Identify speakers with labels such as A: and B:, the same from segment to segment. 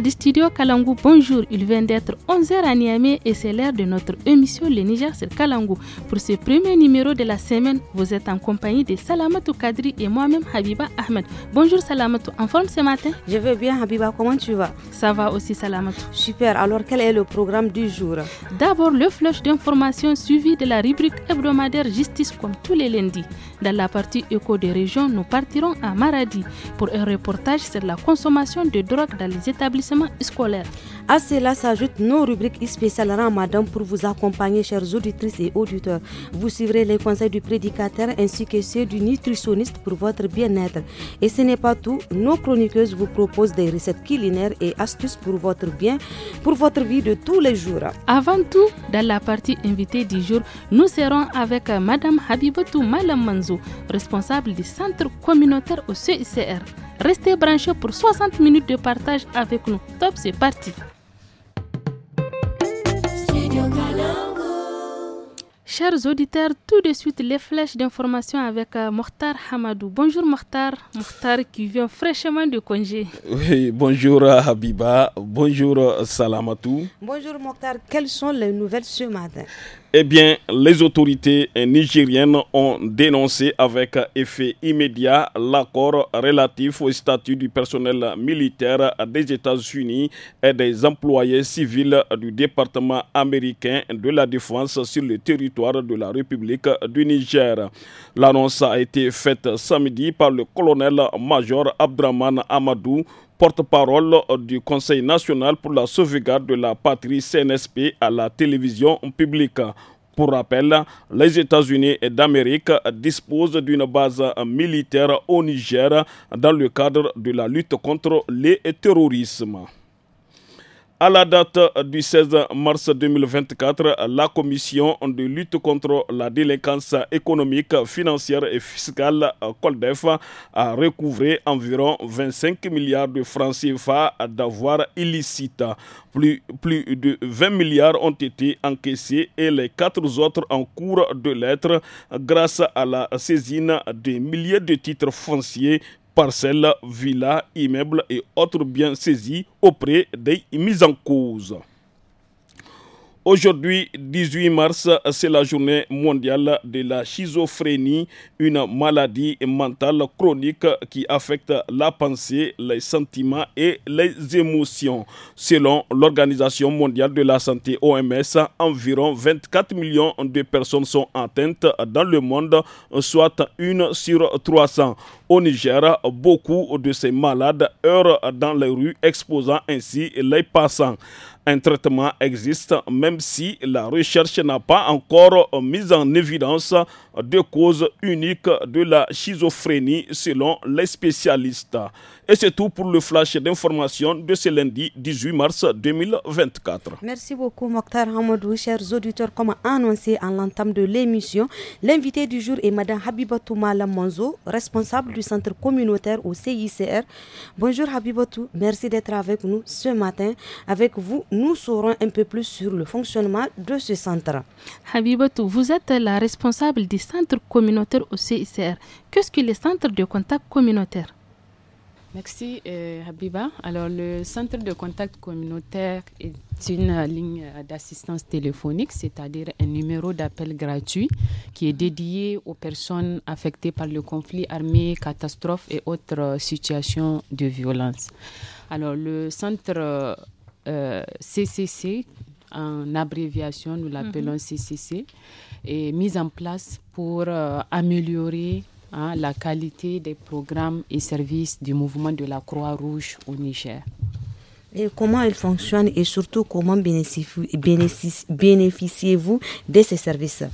A: du studio Kalangu, bonjour. Il vient d'être 11h à Niamey et c'est l'heure de notre émission Le Niger sur Kalangu. Pour ce premier numéro de la semaine, vous êtes en compagnie de Salamatu Kadri et moi-même Habiba Ahmed. Bonjour Salamatou, en forme ce matin Je vais bien Habiba, comment tu vas Ça va aussi Salamatou. Super, alors quel est le programme du jour D'abord le flush d'informations suivi de la rubrique hebdomadaire Justice comme tous les lundis. Dans la partie éco des régions, nous partirons à Maradi pour un reportage sur la consommation de drogue dans les établissements establecement scolaire À cela s'ajoutent nos rubriques spéciales Ramadan pour vous accompagner,
B: chers auditrices et auditeurs. Vous suivrez les conseils du prédicateur ainsi que ceux du nutritionniste pour votre bien-être. Et ce n'est pas tout, nos chroniqueuses vous proposent des recettes culinaires et
A: astuces pour votre bien, pour votre vie de tous les jours. Avant tout, dans la partie invitée du jour, nous serons avec Madame Habibatou Malam responsable du centre communautaire au CICR. Restez branchés pour 60 minutes de partage avec nous. Top, c'est parti. Chers auditeurs, tout de suite les flèches d'information avec euh, Mokhtar Hamadou. Bonjour Mokhtar, Mokhtar qui vient fraîchement de congé.
C: Oui, bonjour euh, Habiba, bonjour euh, Salamatou.
A: Bonjour Mokhtar, quelles sont les nouvelles ce matin
C: Eh bien, les autorités nigériennes ont dénoncé avec effet immédiat l'accord relatif au statut du personnel militaire des États-Unis et des employés civils du département américain de la défense sur le territoire de la République du Niger. L'annonce a été faite samedi par le colonel-major Abdraman Amadou, porte-parole du Conseil national pour la sauvegarde de la patrie CNSP à la télévision publique. Pour rappel, les États-Unis d'Amérique disposent d'une base militaire au Niger dans le cadre de la lutte contre les terrorismes. À la date du 16 mars 2024, la commission de lutte contre la délinquance économique, financière et fiscale Coldef a recouvré environ 25 milliards de francs CFA d'avoir illicites. Plus, plus, de 20 milliards ont été encaissés et les quatre autres en cours de lettres grâce à la saisine des milliers de titres fonciers parcelles, villas, immeubles et autres biens saisis auprès des mises en cause. Aujourd'hui, 18 mars, c'est la journée mondiale de la schizophrénie, une maladie mentale chronique qui affecte la pensée, les sentiments et les émotions. Selon l'Organisation mondiale de la santé OMS, environ 24 millions de personnes sont atteintes dans le monde, soit une sur 300. Au Niger, beaucoup de ces malades heurent dans les rues, exposant ainsi les passants. Un traitement existe, même si la recherche n'a pas encore mis en évidence de causes uniques de la schizophrénie, selon les spécialistes. Et c'est tout pour le flash d'information de ce lundi 18 mars 2024.
B: Merci beaucoup Mokhtar Hamadou. Chers auditeurs, comme annoncé en l'entame de l'émission, l'invité du jour est Madame Habibatou Malamonzo, responsable du centre communautaire au CICR. Bonjour Habibatou, merci d'être avec nous
A: ce matin. Avec vous, nous saurons un peu plus sur le fonctionnement de ce centre. Habibatou, vous êtes la responsable du centre communautaire au CICR. Qu'est-ce que le centre de contact communautaire
D: Merci euh, Habiba. Alors le centre de contact communautaire est une ligne d'assistance téléphonique, c'est-à-dire un numéro d'appel gratuit qui est dédié aux personnes affectées par le conflit armé, catastrophe et autres euh, situations de violence. Alors le centre CCC, euh, en abréviation, nous l'appelons CCC, mhm. est mis en place pour améliorer Hein, la qualité des programmes et services du mouvement de la Croix-Rouge au Niger.
B: Et comment ils fonctionnent et surtout comment bénéficiez-vous de ces services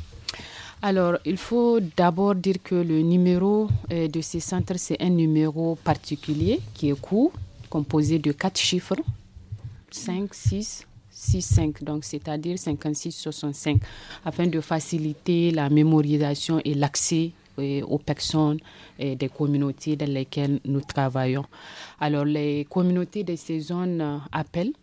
D: alors, il faut d'abord dire que le numéro euh, de ces centres, c'est un numéro particulier qui est court, composé de quatre chiffres 5, 6, 6, 5, donc c'est-à-dire 56, 65, afin de faciliter la mémorisation et l'accès aux personnes et des communautés dans lesquelles nous travaillons. Alors les communautés de ces zones euh, appellent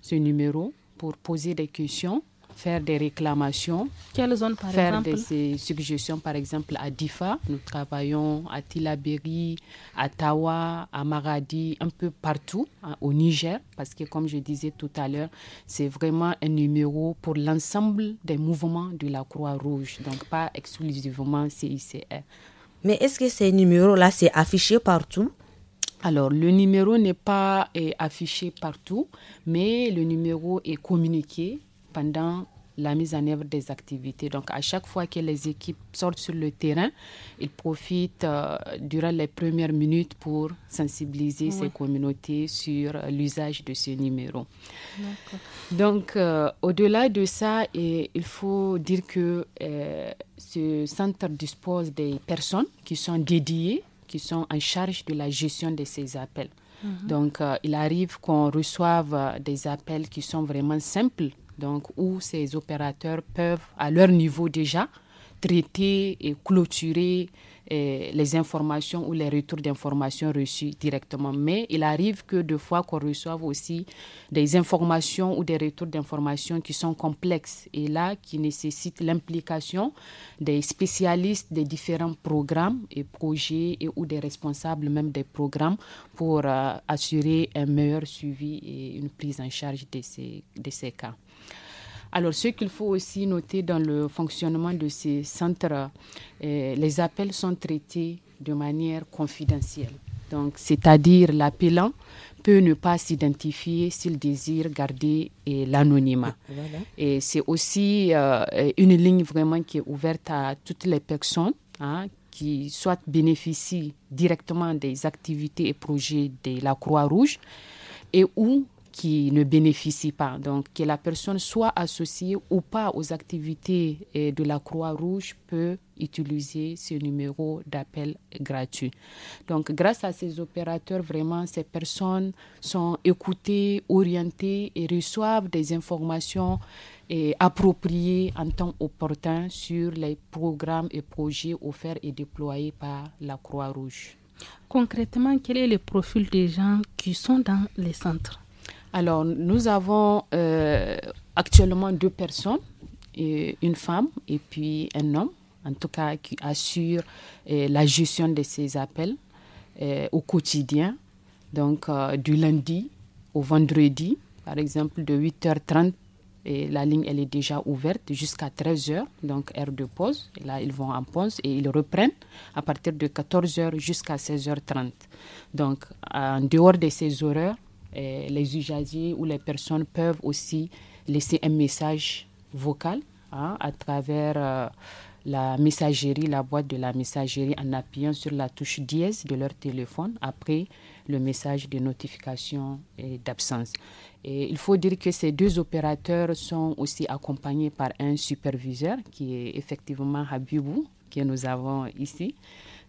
D: ce numéro pour poser des questions faire des réclamations,
A: Quelles par faire exemple?
D: des euh, suggestions, par exemple à Difa, nous travaillons à Tilaberi, à Tawa, à Maradi, un peu partout hein, au Niger, parce que comme je disais tout à l'heure, c'est vraiment un numéro pour l'ensemble des mouvements de la Croix-Rouge, donc pas exclusivement CICR. Mais est-ce que ces numéros-là, c'est affiché partout alors, le numéro n'est pas euh, affiché partout, mais le numéro est communiqué pendant la mise en œuvre des activités. Donc à chaque fois que les équipes sortent sur le terrain, ils profitent euh, durant les premières minutes pour sensibiliser ces communautés sur euh, l'usage de ces numéros. Donc euh, au-delà de ça, il faut dire que ce centre dispose des personnes qui sont dédiées, qui sont en charge de la gestion de ces appels. Mhm. Donc, il arrive qu'on reçoive des appels qui sont vraiment simples, donc où ces opérateurs peuvent, à leur niveau déjà, traiter et clôturer eh, les informations ou les retours d'informations reçus directement. Mais il arrive que deux fois qu'on reçoive aussi des informations ou des retours d'informations qui sont complexes et là qui nécessitent l'implication des spécialistes des différents programmes et projets et ou des responsables même des programmes pour euh, assurer un meilleur suivi et une prise en charge de ces cas. Alors, ce qu'il faut aussi noter dans le fonctionnement de ces centres, euh, les appels sont traités de manière confidentielle. Donc, c'est-à-dire l'appelant peut ne pas s'identifier s'il désire garder euh, l'anonymat. Ah, et c'est aussi euh, une ligne vraiment qui est ouverte à toutes les personnes hein, qui soit bénéficient directement des activités et projets de la Croix-Rouge et où qui ne bénéficient pas. Donc, que la personne soit associée ou pas aux activités eh, de la Croix-Rouge peut utiliser ce numéro d'appel gratuit. Donc, grâce à ces opérateurs, vraiment, ces personnes sont écoutées, orientées et reçoivent des informations et eh, appropriées en temps opportun sur les programmes et projets offerts et déployés par la Croix-Rouge.
A: Concrètement, quel est le profil des gens qui sont dans les centres
D: alors, nous avons euh, actuellement deux personnes, une femme et puis un homme, en tout cas, qui assure euh, la gestion de ces appels euh, au quotidien, donc du lundi au vendredi, par exemple, de 8h30 et la ligne, elle est déjà ouverte jusqu'à 13h, donc heure de pause. Et là, ils vont en pause et ils reprennent à partir de 14h jusqu'à 16h30. Donc, en dehors de ces horaires, euh, les usagers ou les personnes peuvent aussi laisser un message vocal hein, à travers euh, la messagerie, la boîte de la messagerie en appuyant sur la touche dièse de leur téléphone après le message de notification et d'absence. Et il faut dire que ces deux opérateurs sont aussi accompagnés par un superviseur qui est effectivement Habibou, que nous avons ici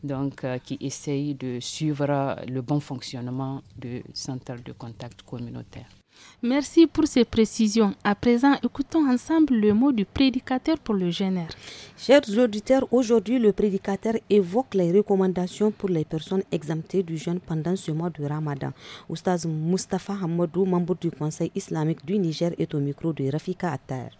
D: donc, euh, qui essaye de suivre le bon fonctionnement du centre de contact communautaire.
A: Merci pour ces précisions. À présent, écoutons ensemble le mot du prédicateur pour le génère. Chers auditeurs, aujourd'hui, le prédicateur
B: évoque les
A: recommandations
B: pour les personnes exemptées du jeûne pendant ce mois de Ramadan. Oustaz Mustafa Hamadou, membre du Conseil islamique du Niger, est au micro de Rafika Attar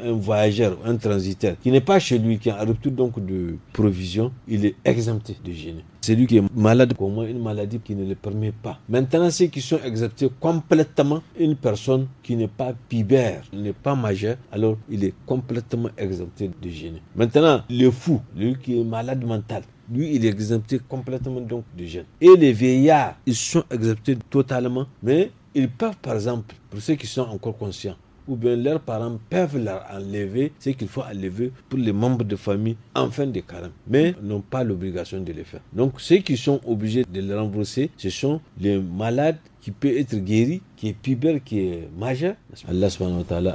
E: un voyageur, un transitaire qui n'est pas chez lui, qui a un rupture donc de provision, il est exempté de génie. Celui qui est malade, au moi, une maladie qui ne le permet pas. Maintenant, ceux qui sont exemptés complètement, une personne qui n'est pas pibère, n'est pas majeur, alors il est complètement exempté de gêne. Maintenant, le fou, lui qui est malade mental, lui, il est exempté complètement donc de gêne. Et les vieillards, ils sont exemptés totalement, mais ils peuvent, par exemple, pour ceux qui sont encore conscients, ou bien leurs parents peuvent leur enlever ce qu'il faut enlever pour les membres de famille en fin de carême, mais n'ont pas l'obligation de le faire. Donc ceux qui sont obligés de le rembourser, ce sont les malades qui peut être guéri, qui est pubère, qui est majeur. Allah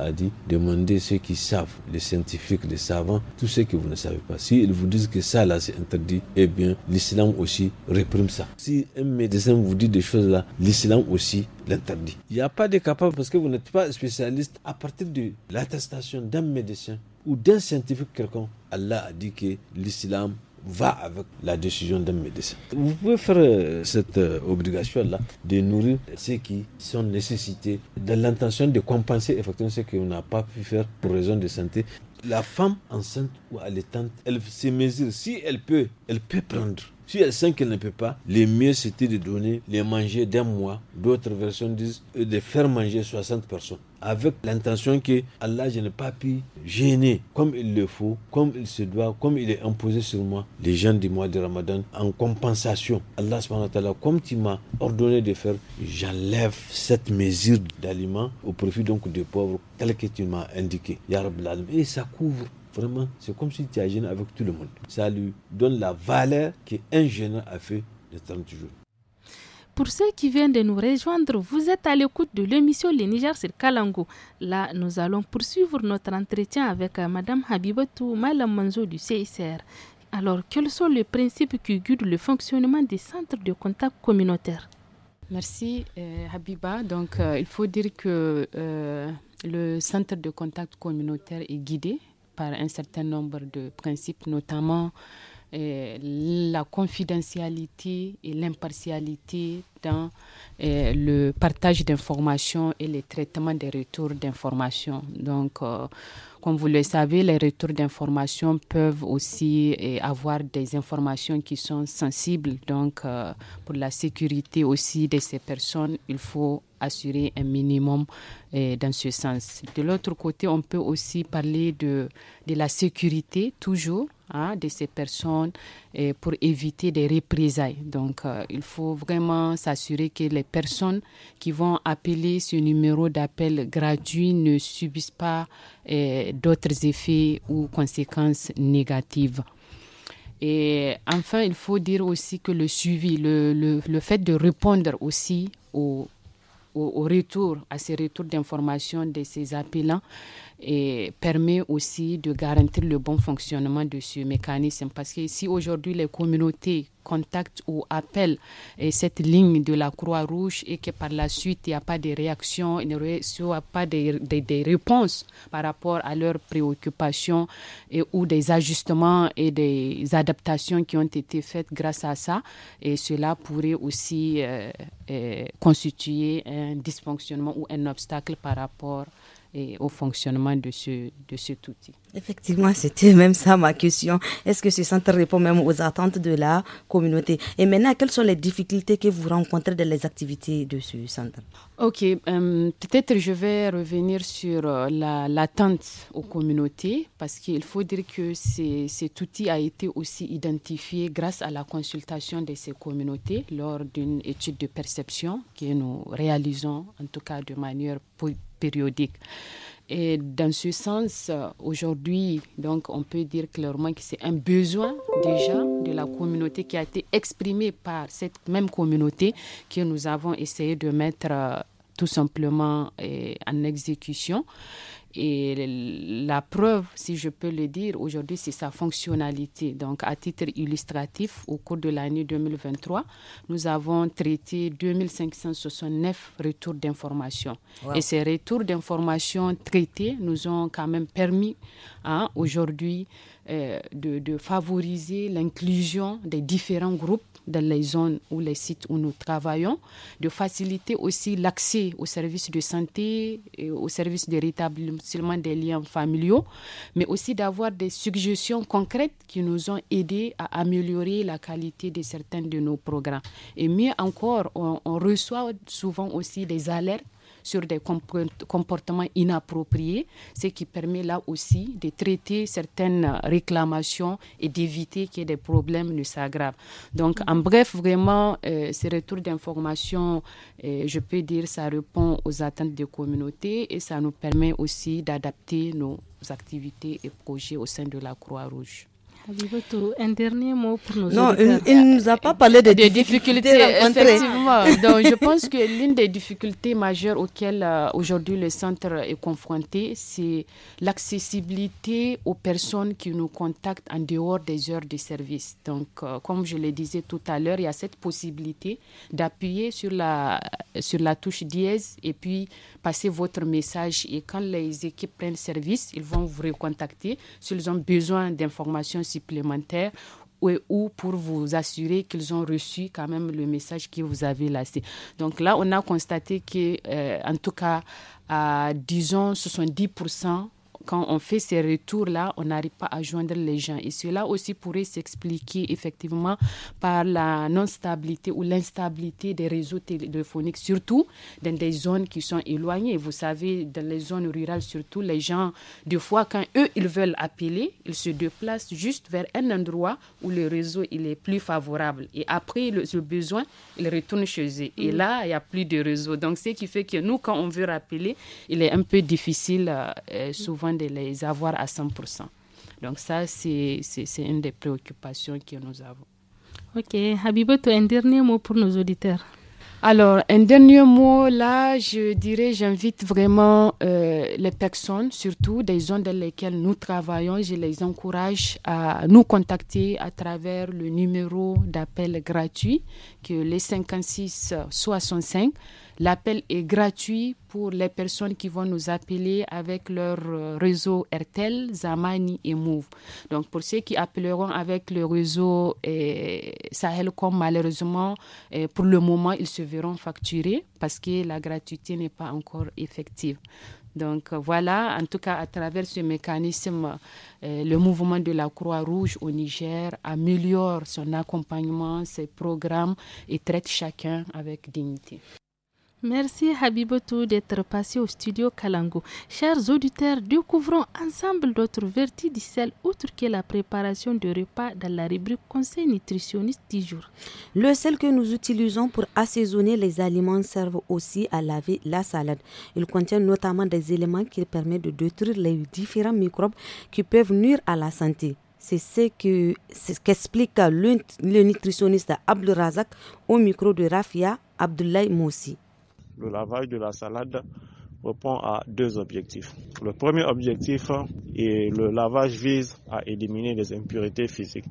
E: a dit, demandez ceux qui savent, les scientifiques, les savants, tous ceux que vous ne savez pas. Si ils vous disent que ça là c'est interdit, eh bien l'islam aussi réprime ça. Si un médecin vous dit des choses là, l'islam aussi l'interdit. Il n'y a pas de capable parce que vous n'êtes pas spécialiste. À partir de l'attestation d'un médecin ou d'un scientifique quelconque, Allah a dit que l'islam va avec la décision d'un médecin. Vous pouvez faire euh, cette euh, obligation-là de nourrir ceux qui sont nécessités dans l'intention de compenser effectivement ce qu'on n'a pas pu faire pour raison de santé. La femme enceinte ou allaitante, elle se mesure. Si elle peut, elle peut prendre. Si elle sent qu'elle ne peut pas, le mieux c'était de donner les manger d'un mois. D'autres versions disent euh, de faire manger 60 personnes avec l'intention que Allah, je n'ai pas pu gêner comme il le faut, comme il se doit, comme il est imposé sur moi, les gens du mois de Ramadan, en compensation. Allah, comme tu m'as ordonné de faire, j'enlève cette mesure d'aliments au profit donc des pauvres, tel que tu m'as indiqué. Et ça couvre vraiment, c'est comme si tu as gêné avec tout le monde. Ça lui donne la valeur qu'un gênant a fait de 30 jours.
A: Pour ceux qui viennent de nous rejoindre, vous êtes à l'écoute de l'émission Les Niger sur Kalango. Là, nous allons poursuivre notre entretien avec euh, Madame Habibatou Malamanzo du CICR. Alors, quels sont les principes qui guident le fonctionnement des centres de contact communautaire
D: Merci euh, Habiba. Donc, euh, il faut dire que le centre de contact communautaire est guidé par un certain nombre de principes, notamment la confidentialité et l'impartialité le partage d'informations et le traitement des retours d'informations. Donc, euh, comme vous le savez, les retours d'informations peuvent aussi avoir des informations qui sont sensibles. Donc, euh, pour la sécurité aussi de ces personnes, il faut assurer un minimum dans ce sens. De l'autre côté, on peut aussi parler de, de la sécurité, toujours, hein, de ces personnes pour éviter des représailles. Donc, euh, il faut vraiment s'assurer que les personnes qui vont appeler ce numéro d'appel gratuit ne subissent pas euh, d'autres effets ou conséquences négatives. Et enfin, il faut dire aussi que le suivi, le, le, fait de répondre aussi au, au, au retour, à ces retours d'informations de ces appelants, et permet aussi de garantir le bon fonctionnement de ce mécanisme. Parce que si aujourd'hui les communautés contactent ou appellent eh, cette ligne de la Croix-Rouge et que par la suite il n'y a pas de réaction, il n'y a pas de, réponse par rapport à leurs préoccupations et, ou des ajustements et des adaptations qui ont été faites grâce à ça, et cela pourrait aussi euh, euh, constituer un dysfonctionnement ou un obstacle par rapport et au fonctionnement de, de cet outil. Effectivement,
B: c'était même ça ma question. Est-ce que ce centre répond même aux attentes de la communauté Et maintenant, quelles sont les difficultés que vous rencontrez dans les activités de ce centre
D: Ok, euh, peut-être je vais revenir sur euh, l'attente aux communautés parce qu'il faut dire que cet outil a été aussi identifié grâce à la consultation de ces communautés lors d'une étude de perception que nous réalisons en tout cas de manière périodique. Et dans ce sens, aujourd'hui, donc, on peut dire clairement que c'est un besoin déjà de la communauté qui a été exprimé par cette même communauté que nous avons essayé de mettre euh, tout simplement en exécution. Et la preuve, si je peux le dire aujourd'hui, c'est sa fonctionnalité. Donc, à titre illustratif, au cours de l'année 2023, nous avons traité 2569 retours d'informations. Et ces retours d'informations traités nous ont quand même permis hein, aujourd'hui euh, de, favoriser l'inclusion des différents groupes dans les zones ou les sites où nous travaillons, de faciliter aussi l'accès aux services de santé, et aux services de rétablissement des liens familiaux, mais aussi d'avoir des suggestions concrètes qui nous ont aidés à améliorer la qualité de certains de nos programmes. Et mieux encore, on reçoit souvent aussi des alertes sur des comportements inappropriés, ce qui permet là aussi de traiter certaines réclamations et d'éviter que des problèmes ne s'aggravent. Donc, en bref, vraiment, euh, ces retours d'informations, euh, je peux dire, ça répond aux attentes des communautés et ça nous permet aussi d'adapter nos activités et projets au sein de la Croix-Rouge un dernier mot pour nous. Non, il ne nous a pas parlé des, difficultés, Effectivement. Donc, je pense que l'une des difficultés majeures auxquelles euh, aujourd'hui le centre est confronté, c'est l'accessibilité aux personnes qui nous contactent en dehors des heures de service. Donc, euh, comme je le disais tout à l'heure, il y a cette possibilité d'appuyer sur la, sur la touche dièse et puis passer votre message. Et quand les équipes prennent service, ils vont vous recontacter s'ils ont besoin d'informations ou pour vous assurer qu'ils ont reçu quand même le message que vous avez lancé. Donc là, on a constaté que, euh, en tout cas, à disons 70% quand on fait ces retours-là, on n'arrive pas à joindre les gens. Et cela aussi pourrait s'expliquer effectivement par la non-stabilité ou l'instabilité des réseaux téléphoniques, surtout dans des zones qui sont éloignées. Vous savez, dans les zones rurales, surtout, les gens, des fois, quand eux, ils veulent appeler, ils se déplacent juste vers un endroit où le réseau il est plus favorable. Et après, le, besoin, ils retournent chez eux. Et là, il n'y a plus de réseau. Donc, ce qui fait que nous, quand on veut rappeler, il est un peu difficile euh, souvent de les avoir à 100%. Donc ça, c'est une des préoccupations que nous avons.
A: Ok, Habiboto, un dernier mot pour nos auditeurs.
D: Alors, un dernier mot, là, je dirais, j'invite vraiment euh, les personnes, surtout des zones dans lesquelles nous travaillons, je les encourage à nous contacter à travers le numéro d'appel gratuit, que les 56 65 L'appel est gratuit pour les personnes qui vont nous appeler avec leur euh, réseau RTL, Zamani et Move. Donc pour ceux qui appelleront avec le réseau eh, Sahelcom, malheureusement, eh, pour le moment, ils se verront facturés parce que la gratuité n'est pas encore effective. Donc euh, voilà, en tout cas, à travers ce mécanisme, eh, le mouvement de la Croix-Rouge au Niger améliore son accompagnement, ses programmes et traite chacun avec dignité.
A: Merci Habiboto d'être passé au studio Kalango. Chers auditeurs, découvrons ensemble d'autres vertus du sel outre que la préparation de repas dans la rubrique Conseil nutritionniste du jour. Le
B: sel que nous utilisons pour assaisonner les aliments sert aussi à laver la salade. Il contient notamment des éléments qui permettent de détruire les différents microbes qui peuvent nuire à la santé. C'est ce qu'explique le, le nutritionniste Abdul Razak au micro de Rafia Abdoulaye Moussi.
F: Le lavage de la salade répond à deux objectifs. Le premier objectif est le lavage vise à éliminer les impuretés physiques.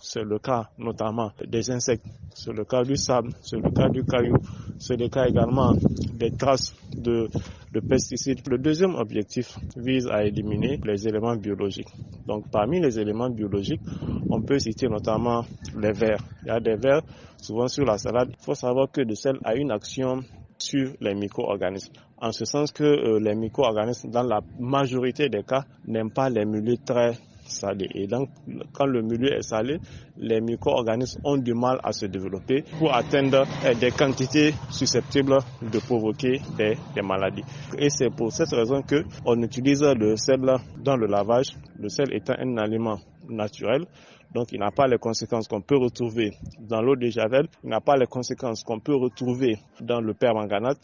F: C'est le cas notamment des insectes, c'est le cas du sable, c'est le cas du caillou, c'est le cas également des traces de, pesticides. Le deuxième objectif vise à éliminer les éléments biologiques. Donc parmi les éléments biologiques, on peut citer notamment les vers. Il y a des vers souvent sur la salade. Il faut savoir que de sel a une action sur les micro-organismes. En ce sens que euh, les micro-organismes, dans la majorité des cas, n'aiment pas les milieux très salés. Et donc, quand le milieu est salé, les micro-organismes ont du mal à se développer pour atteindre euh, des quantités susceptibles de provoquer des, maladies. Et c'est pour cette raison que on utilise le sel dans le lavage, le sel étant un aliment naturel donc il n'a pas les conséquences qu'on peut retrouver dans l'eau de Javel, il n'a pas les conséquences qu'on peut retrouver dans le permanganate.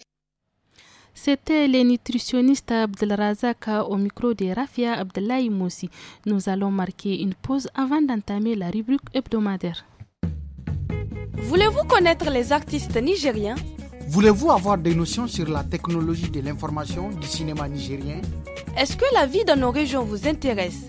A: C'était les nutritionnistes Abdelrazaka au micro de Rafia Abdelahi Moussi. Nous allons marquer une pause avant d'entamer la rubrique hebdomadaire. Voulez-vous connaître les artistes nigériens
G: Voulez-vous avoir des notions sur la technologie de l'information du cinéma nigérien
H: Est-ce que la vie dans nos régions vous intéresse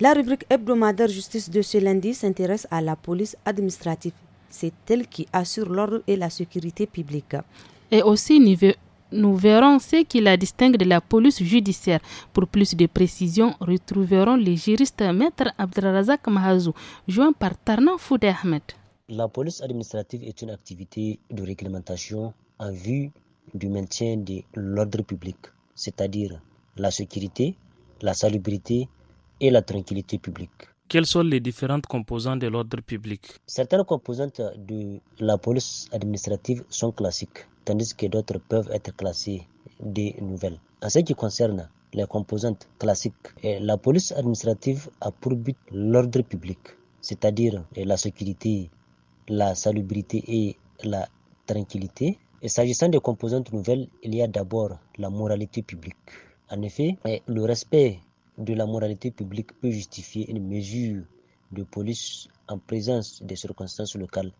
B: La rubrique hebdomadaire justice de ce lundi
A: s'intéresse à la police administrative. C'est elle qui assure l'ordre et la sécurité publique. Et aussi, nous verrons ce qui la distingue de la police judiciaire. Pour plus de précisions, retrouverons les juristes Maître Abdrazak Mahazou, joint par Tarnan Ahmed.
I: La police administrative est une activité de réglementation en vue du maintien de l'ordre public, c'est-à-dire la sécurité, la salubrité et la tranquillité publique.
C: Quelles sont les différentes composantes de l'ordre public Certaines composantes de
I: la police administrative sont classiques, tandis que d'autres peuvent être classées des nouvelles. En ce qui concerne les composantes classiques, eh, la police administrative a pour but l'ordre public, c'est-à-dire eh, la sécurité, la salubrité et la tranquillité. Et s'agissant des composantes nouvelles, il y a d'abord la moralité publique. En effet, eh, le respect de la moralité publique peut justifier une mesure de police en présence des circonstances locales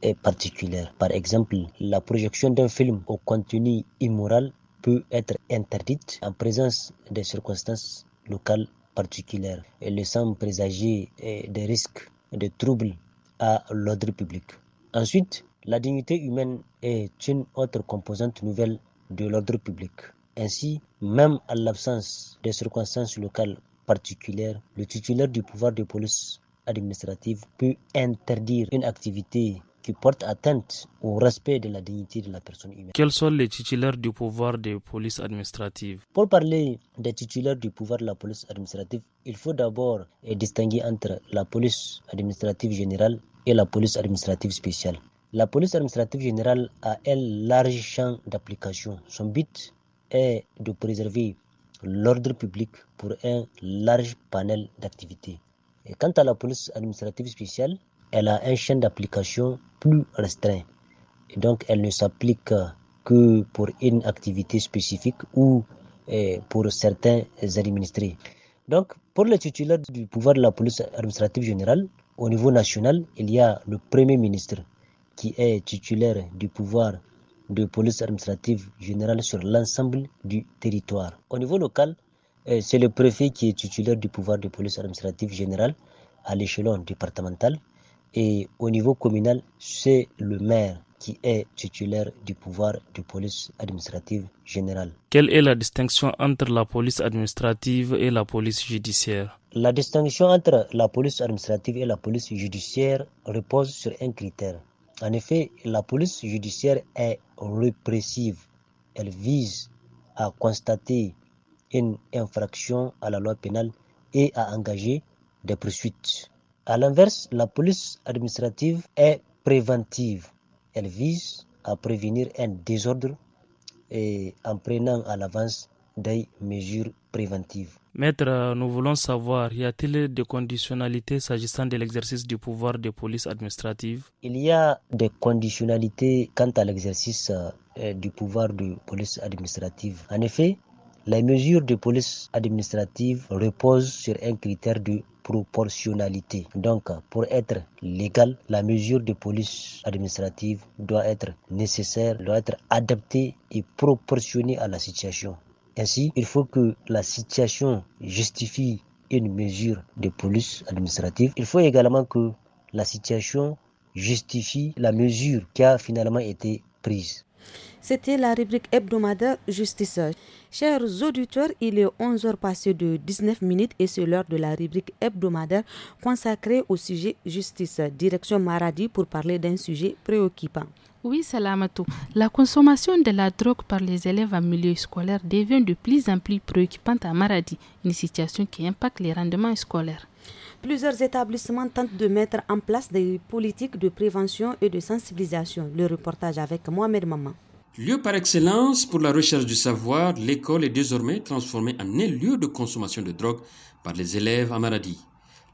I: et particulières. Par exemple, la projection d'un film au contenu immoral peut être interdite en présence des circonstances locales particulières, et laissant présager eh, des risques de troubles à l'ordre public. Ensuite, la dignité humaine est une autre composante nouvelle de l'ordre public. Ainsi, même à l'absence de circonstances locales particulières, le titulaire du pouvoir de police administrative peut interdire une activité qui porte atteinte au respect de la dignité de la
C: personne humaine. Quels sont les titulaires du pouvoir de police administrative
I: Pour parler des titulaires du pouvoir de la police administrative, il faut d'abord distinguer entre la police administrative générale et la police administrative spéciale. La police administrative générale a un large champ d'application. Son but est de préserver l'ordre public pour un large panel d'activités. Et quant à la police administrative spéciale, elle a un champ d'application plus restreint. Et donc, elle ne s'applique que pour une activité spécifique ou eh, pour certains administrés. Donc, pour les titulaires du pouvoir de la police administrative générale, au niveau national, il y a le Premier ministre qui est titulaire du pouvoir de police administrative générale sur l'ensemble du territoire. Au niveau local, euh, c'est le préfet qui est titulaire du pouvoir de police administrative générale à l'échelon départemental et au niveau communal, c'est le maire qui est titulaire du pouvoir de police administrative générale.
C: Quelle est la distinction entre la police administrative et la police judiciaire
I: La distinction entre la police administrative et la police judiciaire repose sur un critère, en effet, la police judiciaire est répressive. Elle vise à constater une infraction à la loi pénale et à engager des poursuites. À l'inverse, la police administrative est préventive. Elle vise à prévenir un désordre et en prenant à l'avance des mesures préventives.
C: Maître, nous voulons savoir, y a-t-il des conditionnalités s'agissant de l'exercice du pouvoir de police administrative
I: Il y a des conditionnalités quant à l'exercice euh, du pouvoir de police administrative. En effet, les mesures de police administrative reposent sur un critère de proportionnalité. Donc, pour être légale, la mesure de police administrative doit être nécessaire, doit être adaptée et proportionnée à la situation. Ainsi, il faut que la situation justifie une mesure de police administrative. Il faut également que la situation justifie la mesure qui a finalement été prise.
B: C'était la rubrique hebdomadaire Justice. Chers auditeurs, il est 11h passé de 19 minutes et c'est l'heure de la rubrique hebdomadaire consacrée au sujet justice.
A: Direction Maradi pour parler d'un sujet préoccupant. Oui, Salamatou. La consommation de la drogue par les élèves en milieu scolaire devient de plus en plus préoccupante à Maradi, une situation qui impacte les rendements scolaires.
B: Plusieurs établissements tentent de mettre en place des politiques de prévention et de sensibilisation. Le reportage avec Mohamed Maman.
J: Lieu par excellence pour la recherche du savoir, l'école est désormais transformée en un lieu de consommation de drogue par les élèves à maladie.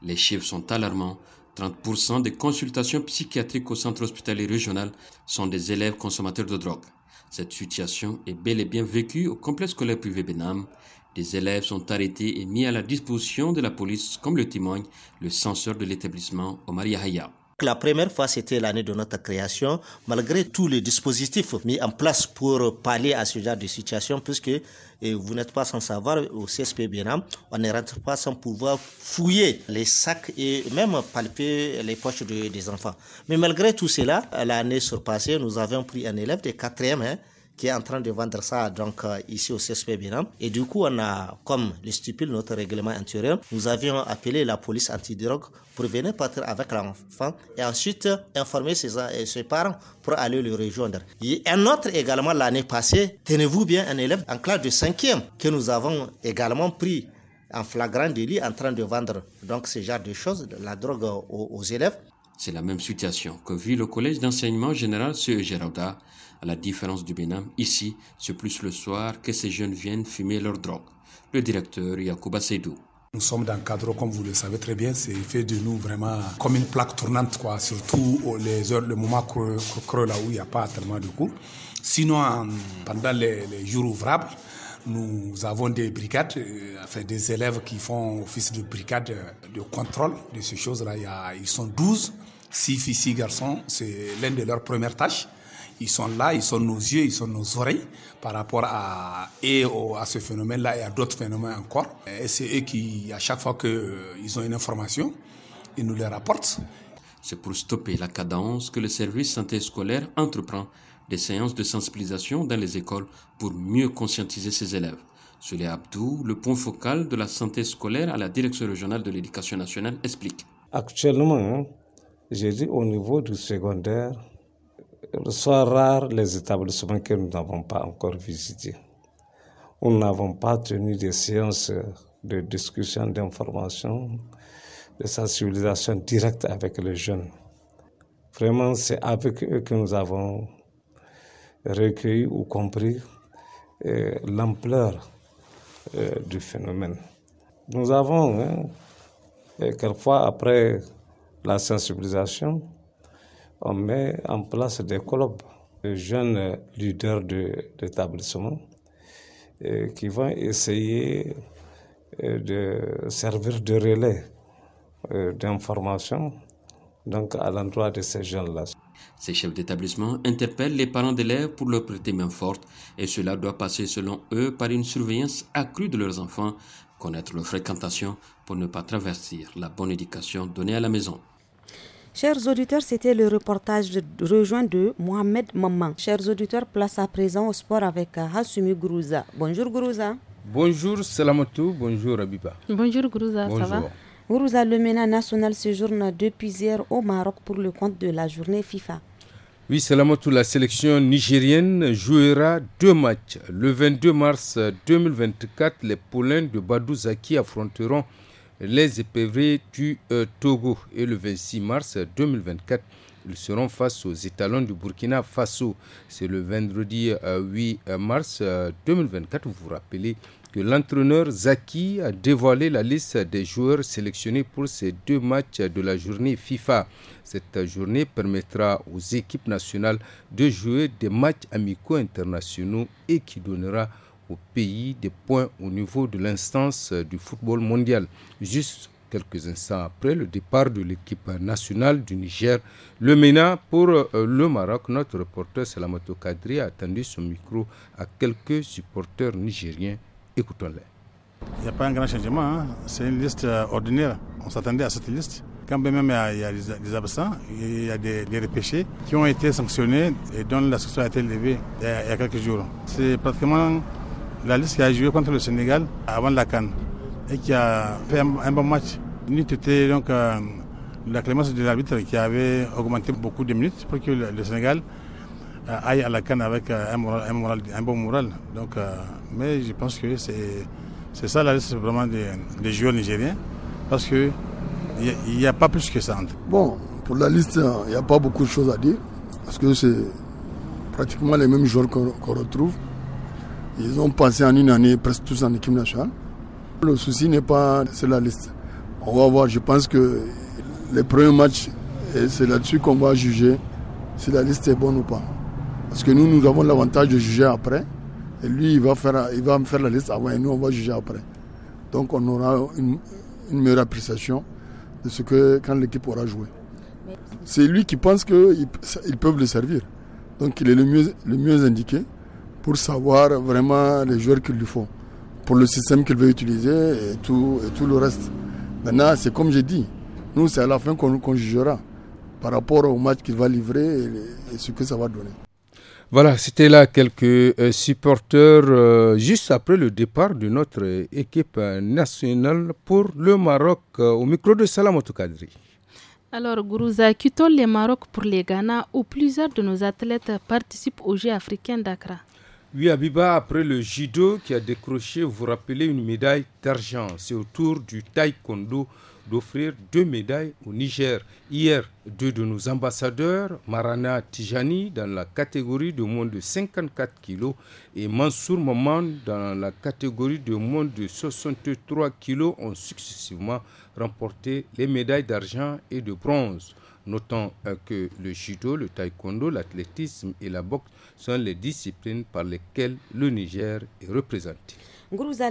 J: Les chiffres sont alarmants. 30% des consultations psychiatriques au centre hospitalier régional sont des élèves consommateurs de drogue. Cette situation est bel et bien vécue au complexe scolaire privé Benham, des élèves sont arrêtés et mis à la disposition de la police, comme le témoigne le censeur de l'établissement Omar Yahya. La première fois, c'était l'année de notre création, malgré tous les dispositifs mis en
K: place pour parler à ce genre de situation, puisque vous n'êtes pas sans savoir, au CSP Bienam, on ne rentre pas sans pouvoir fouiller les sacs et même palper les poches des enfants. Mais malgré tout cela, l'année surpassée, nous avons pris un élève de 4e, qui est en train de vendre ça donc euh, ici au CSP Binam. Et du coup, on a, comme le stipule notre règlement intérieur, nous avions appelé la police antidrogue pour venir partir avec l'enfant et ensuite informer ses, euh, parents pour aller le rejoindre. Et un autre également l'année passée, tenez-vous bien, un élève en classe de 5e que nous avons également pris en flagrant délit en train de vendre donc ce genre de choses, la drogue aux, élèves.
J: C'est la même situation que vit le collège d'enseignement général ce Gérauda à la différence du Bénin, ici, c'est plus le soir que ces jeunes viennent fumer leur drogue. Le directeur Yacouba Seydou.
L: Nous sommes dans le cadre, comme vous le savez très bien, c'est fait de nous vraiment comme une plaque tournante, quoi, surtout les heures, le moment creux, là où il n'y a pas tellement de cours. Sinon, pendant les, jours ouvrables, nous avons des brigades, euh, des élèves qui font office de brigade euh, de contrôle de ces choses-là. Ils sont 12, 6 filles, 6 garçons. C'est l'une de leurs premières tâches ils sont là, ils sont nos yeux, ils sont nos oreilles par rapport à, et à ce phénomène-là et à d'autres phénomènes encore. Et c'est eux qui, à chaque fois qu'ils euh, ont une information, ils nous les rapportent.
J: C'est pour stopper la cadence que le service santé scolaire entreprend des séances de sensibilisation dans les écoles pour mieux conscientiser ses élèves. Sulé Abdou, le point focal de la santé scolaire à la Direction régionale de l'éducation nationale, explique.
L: Actuellement, hein, j'ai dit au niveau du secondaire, sont rares les établissements que nous n'avons pas encore visités. Nous n'avons pas tenu des séances de discussion, d'information, de sensibilisation directe avec les jeunes. Vraiment, c'est avec eux que nous avons recueilli ou compris euh, l'ampleur euh, du phénomène. Nous avons, hein, euh, quelquefois après la sensibilisation, on met en place des clubs de jeunes leaders d'établissement euh, qui vont essayer
J: euh, de servir de relais euh, d'information donc à l'endroit de ces jeunes-là. Ces chefs d'établissement interpellent les parents d'élèves pour leur prêter main forte et cela doit passer selon eux par une surveillance accrue de leurs enfants, connaître leur fréquentation pour ne pas traverser la bonne éducation donnée à la maison.
B: Chers auditeurs, c'était le reportage de rejoint de Mohamed Maman. Chers auditeurs, place à présent au sport avec euh, Hassumi Gourouza. Bonjour Gourouza.
L: Bonjour Salamatou, bonjour Abiba.
B: Bonjour Gourouza, ça va Gourouza, le MENA national séjourne depuis hier au Maroc pour le compte de la journée FIFA.
L: Oui, Salamatou, la sélection nigérienne jouera deux matchs. Le 22 mars 2024, les Poulains de Badouzaki affronteront les épevrés du euh, Togo. Et le 26 mars 2024, ils seront face aux étalons du Burkina Faso. C'est le vendredi 8 euh, euh, mars 2024. Vous vous rappelez que l'entraîneur Zaki a dévoilé la liste des joueurs sélectionnés pour ces deux matchs de la journée FIFA. Cette journée permettra aux équipes nationales de jouer des matchs amicaux internationaux et qui donnera au pays des points au niveau de l'instance euh, du football mondial. Juste quelques instants après le départ de l'équipe nationale du Niger, le MENA pour euh, le Maroc, notre reporter Salamato Kadri a tendu son micro à quelques supporters nigériens. Écoutons-les.
F: Il n'y a pas un grand changement, hein. c'est une liste euh, ordinaire. On s'attendait à cette liste quand même il y a, des, absents, il y a des, des repêchés qui ont été sanctionnés et dont la sanction a été levée il y a, quelques jours. C'est pratiquement la liste qui a joué contre le Sénégal avant la Cannes et qui a fait un, bon match. donc euh, la clémence de l'arbitre qui avait augmenté beaucoup de minutes pour que le, Sénégal euh, aille à la Cannes avec euh, un, bon moral. Donc, mais je pense que c'est ça la liste vraiment des, joueurs nigériens parce qu'il n'y a, pas plus que ça. Bon,
C: pour la liste, hein, il n'y a pas beaucoup de choses à dire parce que c'est pratiquement les mêmes joueurs qu'on retrouve. Ils ont passé en une année presque tous en équipe nationale. Le souci n'est pas sur la liste. On va voir, je pense que les premiers matchs, c'est là-dessus qu'on va juger si la liste est bonne ou pas. Parce que nous, nous avons l'avantage de juger après. Et lui, il va, faire, me faire la liste avant et nous, on va juger après. Donc on aura une, meilleure appréciation de ce que quand l'équipe aura joué. C'est lui qui pense qu'ils peuvent le servir. Donc il est le mieux, le mieux indiqué pour savoir vraiment les joueurs qu'il lui faut, pour le système qu'il veut utiliser et tout, et tout le reste. Maintenant, c'est comme j'ai dit, nous, c'est à la fin qu'on nous jugera par rapport au match qu'il va livrer et, ce que ça va donner.
L: Voilà, c'était là quelques euh, supporters euh, juste après le départ de notre équipe nationale pour le Maroc euh, au micro de Salamotou Kadri.
A: Alors, Gourouza, quittons le Maroc pour les Ghana où plusieurs de nos athlètes participent aux Jeux africains d'Accra.
L: Oui, Abiba, après le judo qui a décroché, vous rappelez, une médaille d'argent. C'est au tour du taekwondo d'offrir deux médailles au Niger. Hier, deux de nos ambassadeurs, Marana Tijani dans la catégorie de moins de 54 kg et Mansour Maman dans la catégorie de moins de 63 kg ont successivement remporté les médailles d'argent et de bronze. Notons euh, que le judo, le taekwondo, l'athlétisme et la boxe sont les disciplines par lesquelles le Niger est représenté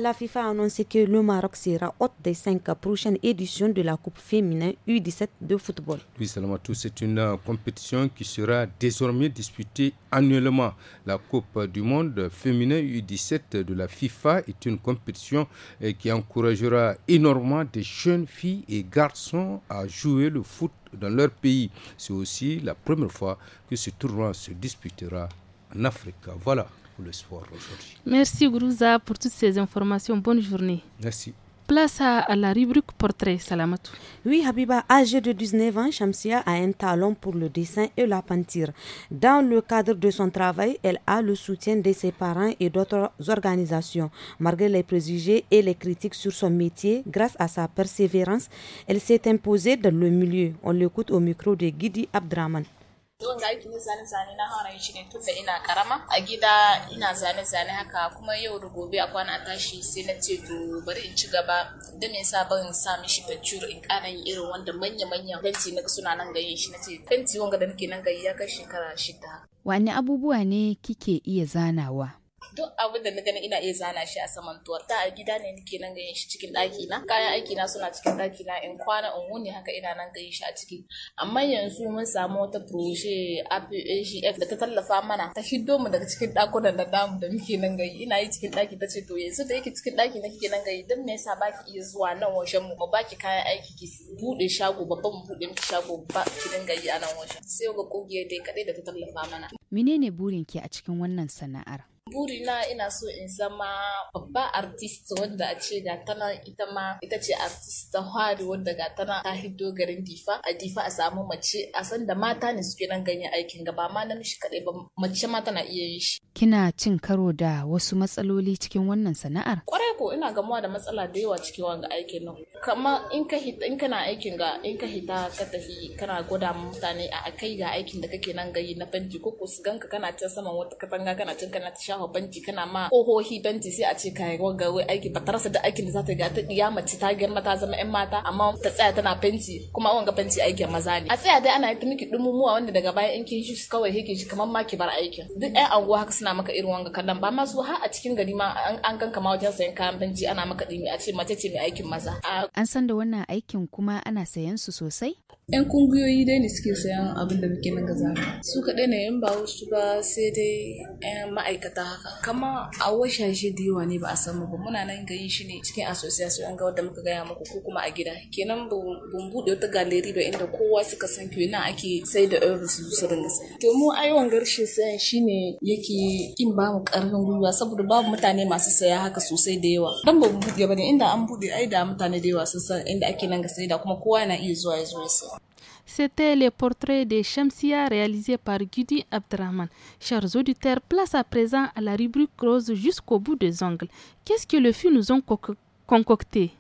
B: la FIFA a annoncé que le Maroc sera hôte des cinq prochaines éditions de la Coupe féminine U17 de football.
L: Oui, tous, c'est une euh, compétition qui sera désormais disputée annuellement. La Coupe du monde féminin U17 de la FIFA est une compétition euh, qui encouragera énormément de jeunes filles et garçons à jouer le foot dans leur pays. C'est aussi la première fois que ce tournoi se disputera en Afrique. Voilà le sport aujourd'hui.
A: Merci Grouza pour toutes ces informations. Bonne journée. Merci. Place à, la rubrique portrait, Salamatou. Oui, Habiba, âgée de 19 ans, Shamsia
B: a un talent pour le dessin et la peinture. Dans le cadre de son travail, elle a le soutien de ses parents et d'autres organisations. Malgré les préjugés et les critiques sur son métier, grâce à sa persévérance, elle s'est imposée dans le milieu. On l'écoute au micro de Guidi Abdraman.
M: don ga na zane-zane na hana shi ne tun da ina karama a gida ina zane-zane haka kuma yau da gobe a kwana a tashi sai na ce to bari in ci gaba da me yasa ban sa mishi picture in kana yin irin wanda manya-manya fenti na suna nan gayin shi na ce fenti wanga da nake nan gayi ya kai shekara shida.
N: Wani abubuwa ne kike iya zanawa?
M: duk abin da na gani ina iya zana shi a saman ta a gida ne nake nan ganin shi cikin ɗaki na kayan aiki na suna cikin ɗaki na in kwana in wuni haka ina nan ganin shi a ciki amma yanzu mun samu wata proje APHF eh, da ta tallafa mana ta hiddo mu daga cikin ɗakunan da damu da muke nan gayi ina yi cikin ɗaki ta ce to yanzu da yake cikin ɗaki na kike nan gayi don me yasa baki iya zuwa nan wajen mu ba baki kayan aiki ki buɗe shago babban mu buɗe miki shago ba ki dinga yi a nan wajen sai ga kungiyar dai kadai da ta tallafa mana
N: menene burin ki a cikin wannan
B: sana'ar
M: Burina ina so in zama babba artist wanda a ce da tana ita ma ita ce artist ta hwari wanda ga tana ta hiddo garin difa a difa a samu mace a san da mata ne suke nan ganye aikin gaba ma namiji kaɗai ba mace ma tana iya yin shi.
N: Kina cin karo da wasu matsaloli cikin wannan sana'ar?
M: Kwarai ko ina gamuwa da matsala da yawa cikin wanga aikin nan. Kamar in ka hita in kana aikin ga in ka hita ka tafi kana gwada mutane a kai ga aikin da kake nan gayi na fanti ko ko su ganka kana cin saman wata katanga kana cin kana ta ma banki kana ma ƙohohi banki sai a ce ka wanga wai aiki ba ta rasa da aikin da za ta ga ta iya mace ta girma ta zama yan mata amma ta tsaya tana fenti kuma wanga fenti aikin maza ne a tsaya dai ana yi ta miki dumumuwa wanda daga baya in kin shi kawai hikin shi kamar ma ki bar aikin duk ɗan anguwa haka suna maka irin wanga kallon ba ma su har a cikin gari ma an ganka kama wajen sayan kayan banki ana maka dimi a ce mace ce mai aikin maza an san da wannan aikin kuma ana sayan su sosai 'yan kungiyoyi dai ne suke sayan abin da muke nan gaza su kaɗai ne yan ba wasu ba sai dai yan ma'aikata haka kama a washashe da yawa ne ba a samu ba muna nan ga yin shi ne cikin association an ga wadda muka gaya muku ko kuma a gida kenan bun buɗe wata galeri ba inda kowa suka san ke na ake sai da oeuvres su su dinga saya to mu ai wangar shi sayan shine yake kin ba mu ƙarfin gwiwa saboda babu mutane masu saya haka sosai da yawa dan ba mu buɗe ba ne inda an buɗe ai da mutane da yawa sun san inda ake nan ga sai da kuma kowa na iya zuwa ya zo ya
A: C'était le portrait des Shamsia réalisés par Gudi Abdraman. Chers auditeurs, place à présent à la rubrique rose jusqu'au bout des ongles. Qu'est-ce que le fut nous ont concocté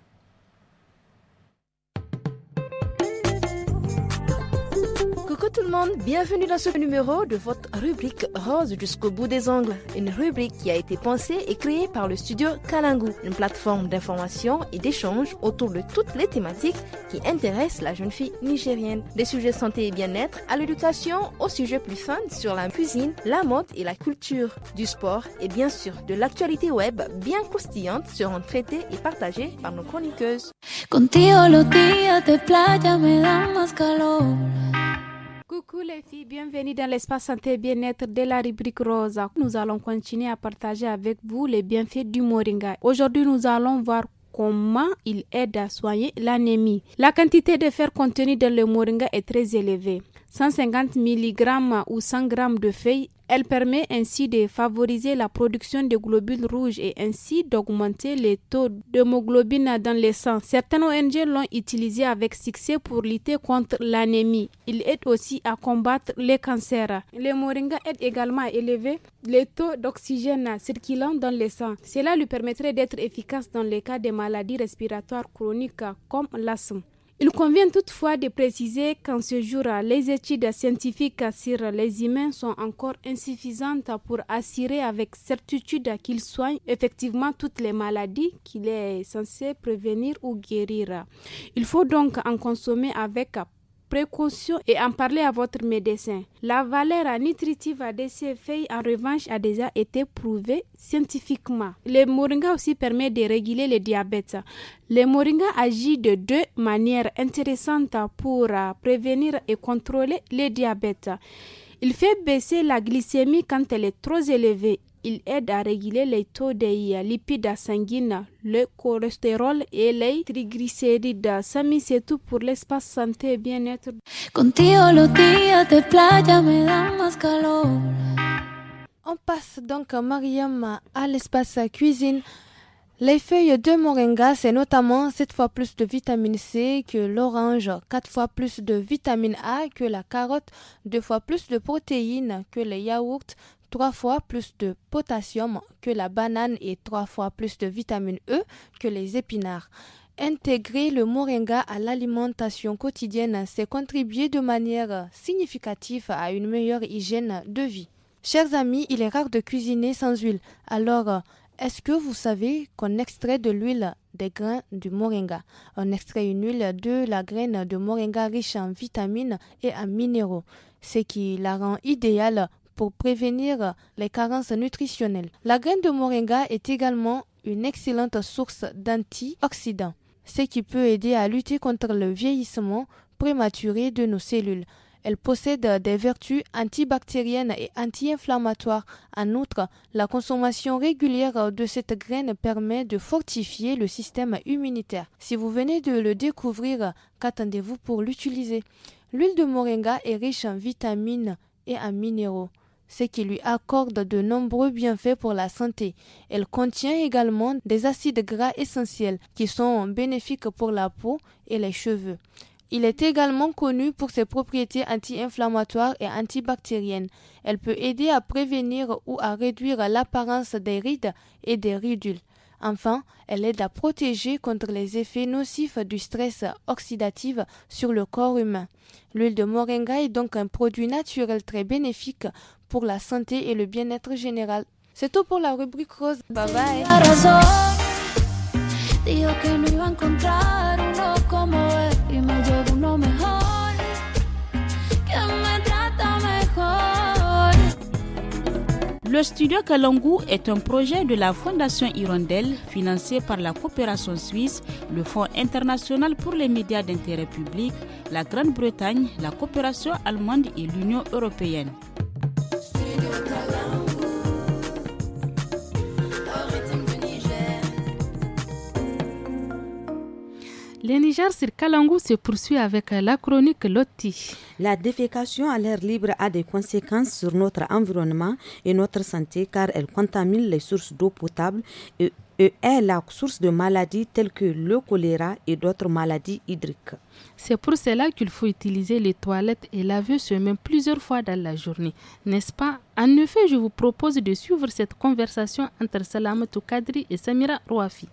H: tout le monde, bienvenue dans ce numéro de votre rubrique Rose jusqu'au bout des ongles, une rubrique qui a été pensée et créée par le studio Kalangu, une plateforme d'information et d'échange autour de toutes les thématiques qui intéressent la jeune fille nigérienne, des sujets santé et bien-être à l'éducation, aux sujets plus fun sur la cuisine, la mode et la culture, du sport et bien sûr de l'actualité web bien croustillante seront traitées et partagées par nos
O: chroniqueuses. Contigo los días de playa me calor. Coucou les filles, bienvenue dans l'espace santé et bien-être de la rubrique Rosa. Nous allons continuer à partager avec vous les bienfaits du moringa. Aujourd'hui, nous allons voir comment il aide à soigner l'anémie. La quantité de fer contenu dans le moringa est très élevée. 150 mg ou 100 g de feuilles elle permet ainsi de favoriser la production de globules rouges et ainsi d'augmenter les taux d'hémoglobine dans le sang. Certaines ONG l'ont utilisé avec succès pour lutter contre l'anémie. Il aide aussi à combattre les cancers. Le moringa aide également à élever les taux d'oxygène circulant dans le sang. Cela lui permettrait d'être efficace dans les cas de maladies respiratoires chroniques comme l'asthme. Il convient toutefois de préciser qu'en ce jour, les études scientifiques sur les humains sont encore insuffisantes pour assurer avec certitude qu'ils soignent effectivement toutes les maladies qu'il est censé prévenir ou guérir. Il faut donc en consommer avec précaution et en parler à votre médecin. La valeur nutritive de ces feuilles, en revanche, a déjà été prouvée scientifiquement. Le moringa aussi permet de réguler le diabète. Le moringa agit de deux manières intéressantes pour euh, prévenir et contrôler le diabète. Il fait baisser la glycémie quand elle est trop élevée il aide à réguler les taux des lipides sanguines, le cholestérol et les triglycérides. Samy, c'est tout pour l'espace santé et bien-être. On passe donc,
H: Mariam, à l'espace cuisine. Les feuilles de moringa, c'est notamment 7 fois plus de vitamine C que l'orange, 4 fois plus de vitamine A que la carotte, 2 fois plus de protéines que les yaourts, trois fois plus de potassium que la banane et trois fois plus de vitamine E que les épinards. Intégrer le moringa à l'alimentation quotidienne, c'est contribuer de manière significative à une meilleure hygiène de vie. Chers amis, il est rare de cuisiner sans huile. Alors, est-ce que vous savez qu'on extrait de l'huile des grains du moringa On extrait une huile de la graine de moringa riche en vitamines et en minéraux, ce qui la rend idéale pour prévenir les carences nutritionnelles. La graine de moringa est également une excellente source d'antioxydants, ce qui peut aider à lutter contre le vieillissement prématuré de nos cellules. Elle possède des vertus antibactériennes et anti-inflammatoires. En outre, la consommation régulière de cette graine permet de fortifier le système immunitaire. Si vous venez de le découvrir, qu'attendez-vous pour l'utiliser L'huile de moringa est riche en vitamines et en minéraux ce qui lui accorde de nombreux bienfaits pour la santé. Elle contient également des acides gras essentiels qui sont bénéfiques pour la peau et les cheveux. Il est également connu pour ses propriétés anti-inflammatoires et antibactériennes. Elle peut aider à prévenir ou à réduire l'apparence des rides et des ridules. Enfin, elle aide à protéger contre les effets nocifs du stress oxydatif sur le corps humain. L'huile de moringa est donc un produit naturel très bénéfique pour la santé et le bien-être général. C'est tout pour la rubrique rose. Bye bye.
O: Le studio
P: Kalangu est un projet de la Fondation Hirondelle financé par la coopération suisse, le Fonds international pour les médias d'intérêt public, la Grande-Bretagne, la coopération allemande et l'Union européenne.
A: Le Niger sur Kalangou se poursuit avec la chronique Loti. La
B: défécation à l'air libre a des conséquences sur notre environnement et notre santé car elle contamine les sources d'eau potable et est la source de maladies telles que le
A: choléra et d'autres maladies hydriques. C'est pour cela qu'il faut utiliser les toilettes et laver ses même plusieurs fois dans la journée, n'est-ce pas En effet, je vous propose de suivre cette conversation entre Salam Kadri et Samira Rouafi.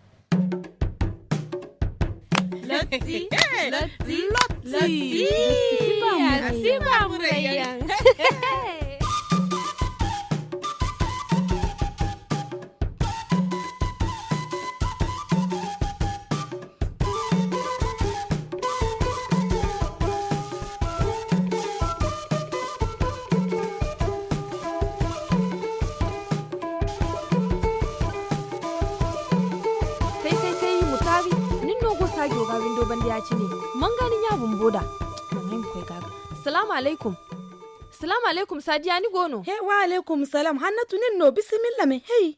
H: ya ci ne mun ganin ya bumboda nan kai gaga salamu alaikum salamu alaikum sadiya ni gono he wa alaikum salam hannatu nin no bismillah me hey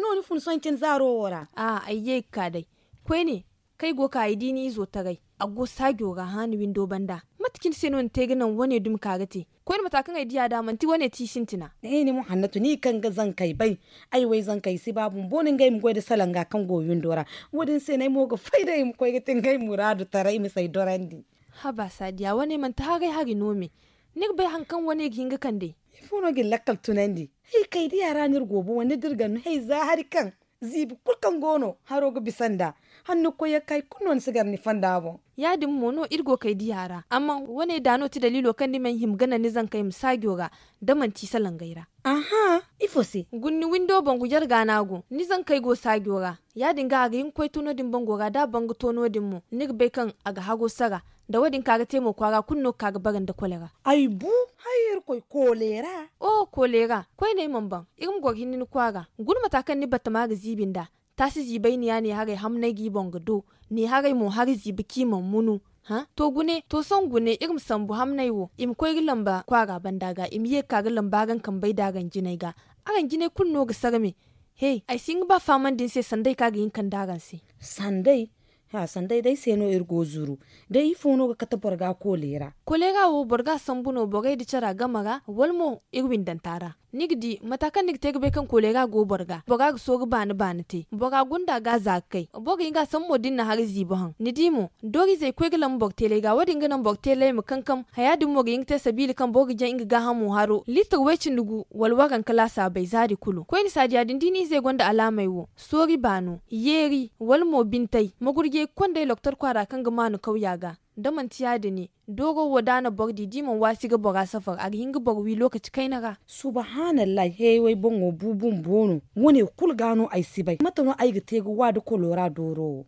H: no ni fun son kin zaro wora a ayye ka dai kwai ne kai go ka idi ni zo tagai aggo sagyo ga hanu window banda matkin sinun teginan wani dum te koyar matakan ai diya da manti wani ti sintina
B: eh ni hannatu ni kan ga zan kai bai ai wai zan kai si babu bonin gai mu salan salanga kan goyun dora wadin sai nai moga faida mu kai ga tin gai muradu tarai mu sai dorandi
H: haba sadiya wani man ta gai hagi nome
B: nik bai hankan wane ginga kan dai ifono gi lakkal tunandi hei kai diya ranir gobo wani dirgan hei zahari kan zibi kulkan gono haro haroga bisanda hannu ko ya kai kunon sigar ni fanda bo yadin mono
H: irgo kai di yara amma wani dano ti dalilo kan di men him gana ni zan kai misagyo ga daman ci salan gaira aha ifo se gunni window bangu jar gana go ni zan kai go sagyo ga yadin ga ga yin koi tono din bango ga da bangu tono din mu nik be kan aga hago saga da wadin kaga temo kwaga kunno kaga bagan da kolera ai bu hayir koi kolera o oh, kolera koi ne mamban igum go hinni kwaga gun matakan ni batta ga zibin da ta si zibai niya ne hagai gibon gado ne hagai mu hagi zibi kiman munu ha to gune to son gune irin sambu hamnai wo im koy lamba kwaga bandaga im ye kaga lamba gan kan bai dagan jinai ga agan jinai kunno ga sagame hey ai sing ba faman din sai sandai kaga yin kan dagan sai
B: sandai ha sandai dai seno irgo zuru dai ifono ga kata borga kolera
H: kolega wo borga sambuno bogai dicara gamaga walmo irwin dantara nigdi matakan nig teg bekan kan kolega go borga boga so bani bani te boga gunda ga zakai boga inga san modin na har zibo han nidimo dori zai kweglan bok tele ga wadin ganan bok tele mu kankam dum moga ingta sabili kan boga jan inga ga hamu haro litar wecin dugu walwagan klasa bai zari kulu ko ni sadiya dini zai gonda alamai wo sori banu yeri walmo bintai magurge kwandai doktor kwara kan ga manu ga. da man tiya da ne dogo wadana bordi diman wasi
B: ga bora safar a ga borwi lokaci kai naga subhanallah he wai bongo bubun bono wone kul gano ai bai mata no ai gite ga wada colorado ro